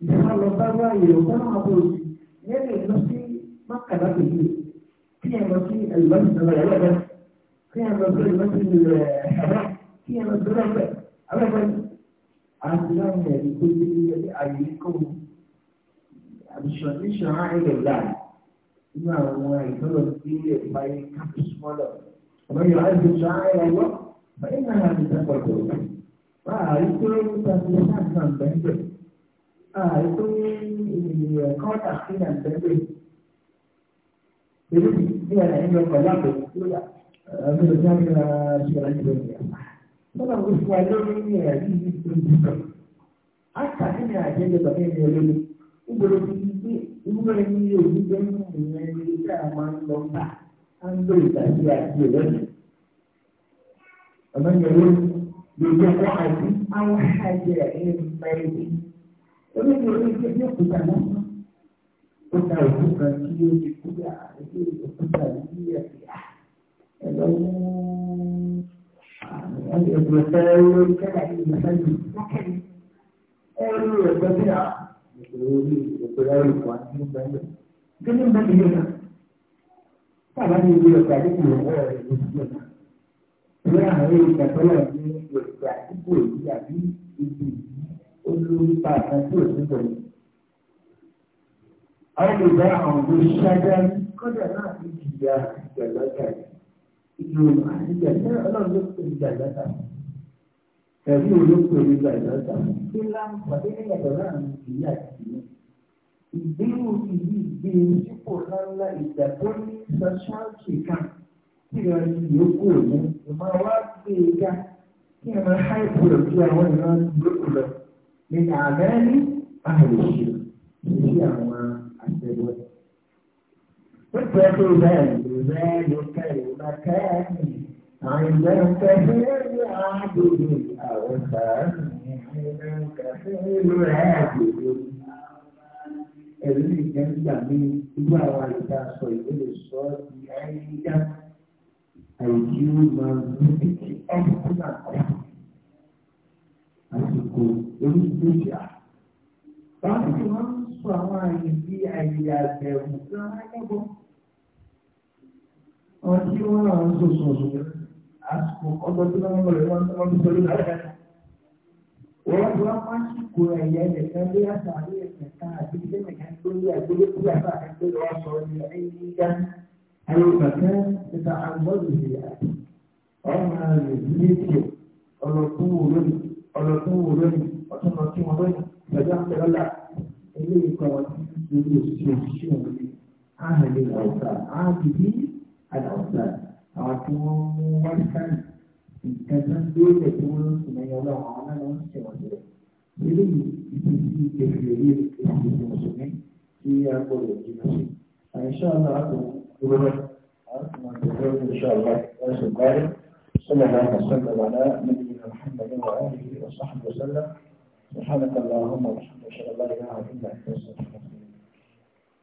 ìfúnra lọ bá wá yẹ̀wò bá wà bọ̀ òsì yẹn lè lọ sí mákàlá pẹ̀lú kí ẹ lọ sí ẹlòmọ́sí kí ẹ lọ sí ẹlòmọ́sí ẹ̀rọ kí ẹ lọ sí ọlọ́pẹ̀ ọlọ́pẹ̀ àti láwọn ẹ̀rí tó dé ilé ayé kọ́ mu àbíṣọ́ní ṣọ́ra ẹ̀rọ láàyè nínú àwọn ìtọ́lọ̀ sí ilé ìpayé kápẹ́sì mọ́lọ̀ ọmọ yóò á dùn ṣọ́ra lọ báyìí náà àti ìtàkọ̀tọ̀ tó ń àìkú ah, ẹ̀kọ́ àfihàn tẹ́lẹ̀ èyí ní ẹ̀rọ ìlú ọkọ̀ lábẹ́ lóyà ẹ̀mí ló dáná ní ṣẹlẹ̀ ìlú ìyá lọ́nà tó fún wa lórí ní ẹ̀rí yìí tó ti sọ àtà kí ni àjẹjẹ bàbá ẹni olóyè nígboro ti di pé ìwúrọ̀ ẹni yóò ní bẹ́ẹ̀ ní ìyẹn ní ká máa ń lọ bá a ń lò ìgbà sí àti ìrẹ́lẹ̀ ọ̀nà ìyẹn ló lè jẹ́ kó àti àwọn àjẹ ẹni mẹ́rin onídìrí onídìrí ní òkúta náà ó ta òkúta tí ó ti kú dà ní òkúta ní ẹ̀yà ẹ̀lọ́ mú ẹgbẹ̀fẹ́ lórí kẹ́kẹ́ ní ìgbésẹ̀ yìí lọ́kẹ́ni bí a lórí ìpínlẹ̀ olùkọ́ àti ìgbẹ́lẹ̀ kí ni bẹ́ẹ̀ yẹn náà sábà ní ìwé ọ̀gá àdínkù ọ̀wọ́ rẹ̀ ló ti yẹn náà ìwé àwọn ìgbàgbọ́ náà ní ìgbà àdínkù èyí àbí ibi ìdí ó lórí pàtàkì tí ò sí pẹ̀lú. Àwọn ìgbà àwọn ọmọ ṣáájá kọ́dà náà ti jìyà ìgbàlọ́ta ìlú àtijọ́ náà ọlọ́run ló pè ní ìgbàlọ́ta. Ẹ̀rí olóko ní ìgbàlọ́ta tí láǹfààní ní ìyàtọ̀ láàrin ìyá àti ìyá. ìlú ìgbé sípò ńláńlá ìgbà tó ní sọ́ṣáàtì kan tí ìrìn yòókù òní ìmọ̀ wá gbé e ga kí ẹ máa háìpù rẹ̀ bí àwọn ìran yòókù lọ nínú àbẹ́ẹ́lí àhàlù ṣe sí àwọn àṣẹwọ́. Nítorí bẹ́ẹ̀ ìrẹ́ ló kẹ́rì lákẹ́ẹ̀mí, àìlẹ́ kẹfẹ́ ní àádọ́gbé àwọn sàárì ní àìlẹ́ kẹfẹ́ ló rẹ̀ àgbègbè. Ẹ̀rí ìjẹ́ nígbà mí irú àwọn àlùfáà sọ ìwé lè sọ ọ́ di ayé yíyá. Àìjí ó máa ń mú títí ọ́pùpù àsìkò oríṣiríṣi à. Báwo ni wọ́n ń sọ àwọn àyè bí àyè àbẹ̀wò gan-an lẹ́gbọ́? Wọ́n tí wọ́n náà ń sòsò òṣùwò àsìkò ọgbọ́n tí wọ́n lọ rẹ̀ wọ́n ti sọ́lé lálẹ́ wọ́n ti wá máa ń ṣìkò ẹ̀yẹ nìkan bí àtàrí ẹ̀ka àti ilé nìkan tó ní àgbélé tí àbá rẹ̀ tó lọ́wọ́ sọ ní ẹ̀yìn gíga. Ayé kàkẹ́ nípa àgbọ̀dù ìyá. Ọmọ rẹ̀ ní ètò ọ̀rọ̀ tó ọ̀nà tó wù lónìí ọ̀tún kan tí wọ́n lónìí ìgbàjọ́ àpẹ lọ́la ilé ìkọ́ lórí òṣìṣẹ́ òṣìṣẹ́ òní àhàlẹ́ àwùsà àbìbí àdàwùsà àwọn tí wọ́n mú wáṣíkàlì ìkẹta lórí ẹ̀tọ́ wọn ló sùn lẹ́yìn ọlọ́run àwọn náà wọ́n ṣe wọ́n sílẹ̀ ilé ìpèsè ìkẹfìlẹ̀ yé ìpèsè mùsùlùmí tí a gbọ́dọ̀ jìnnà sí àìsàn náà tó gbọ́dọ̀ àwọn tó máa tẹ̀lé ìṣàlọ́ ẹ̀sùn kárí sọ́nà náà sọ́nà náà محمد وآله وصحبه وسلم سبحانك اللهم وبحمدك أشهد أن لا إله إلا أنت أستغفرك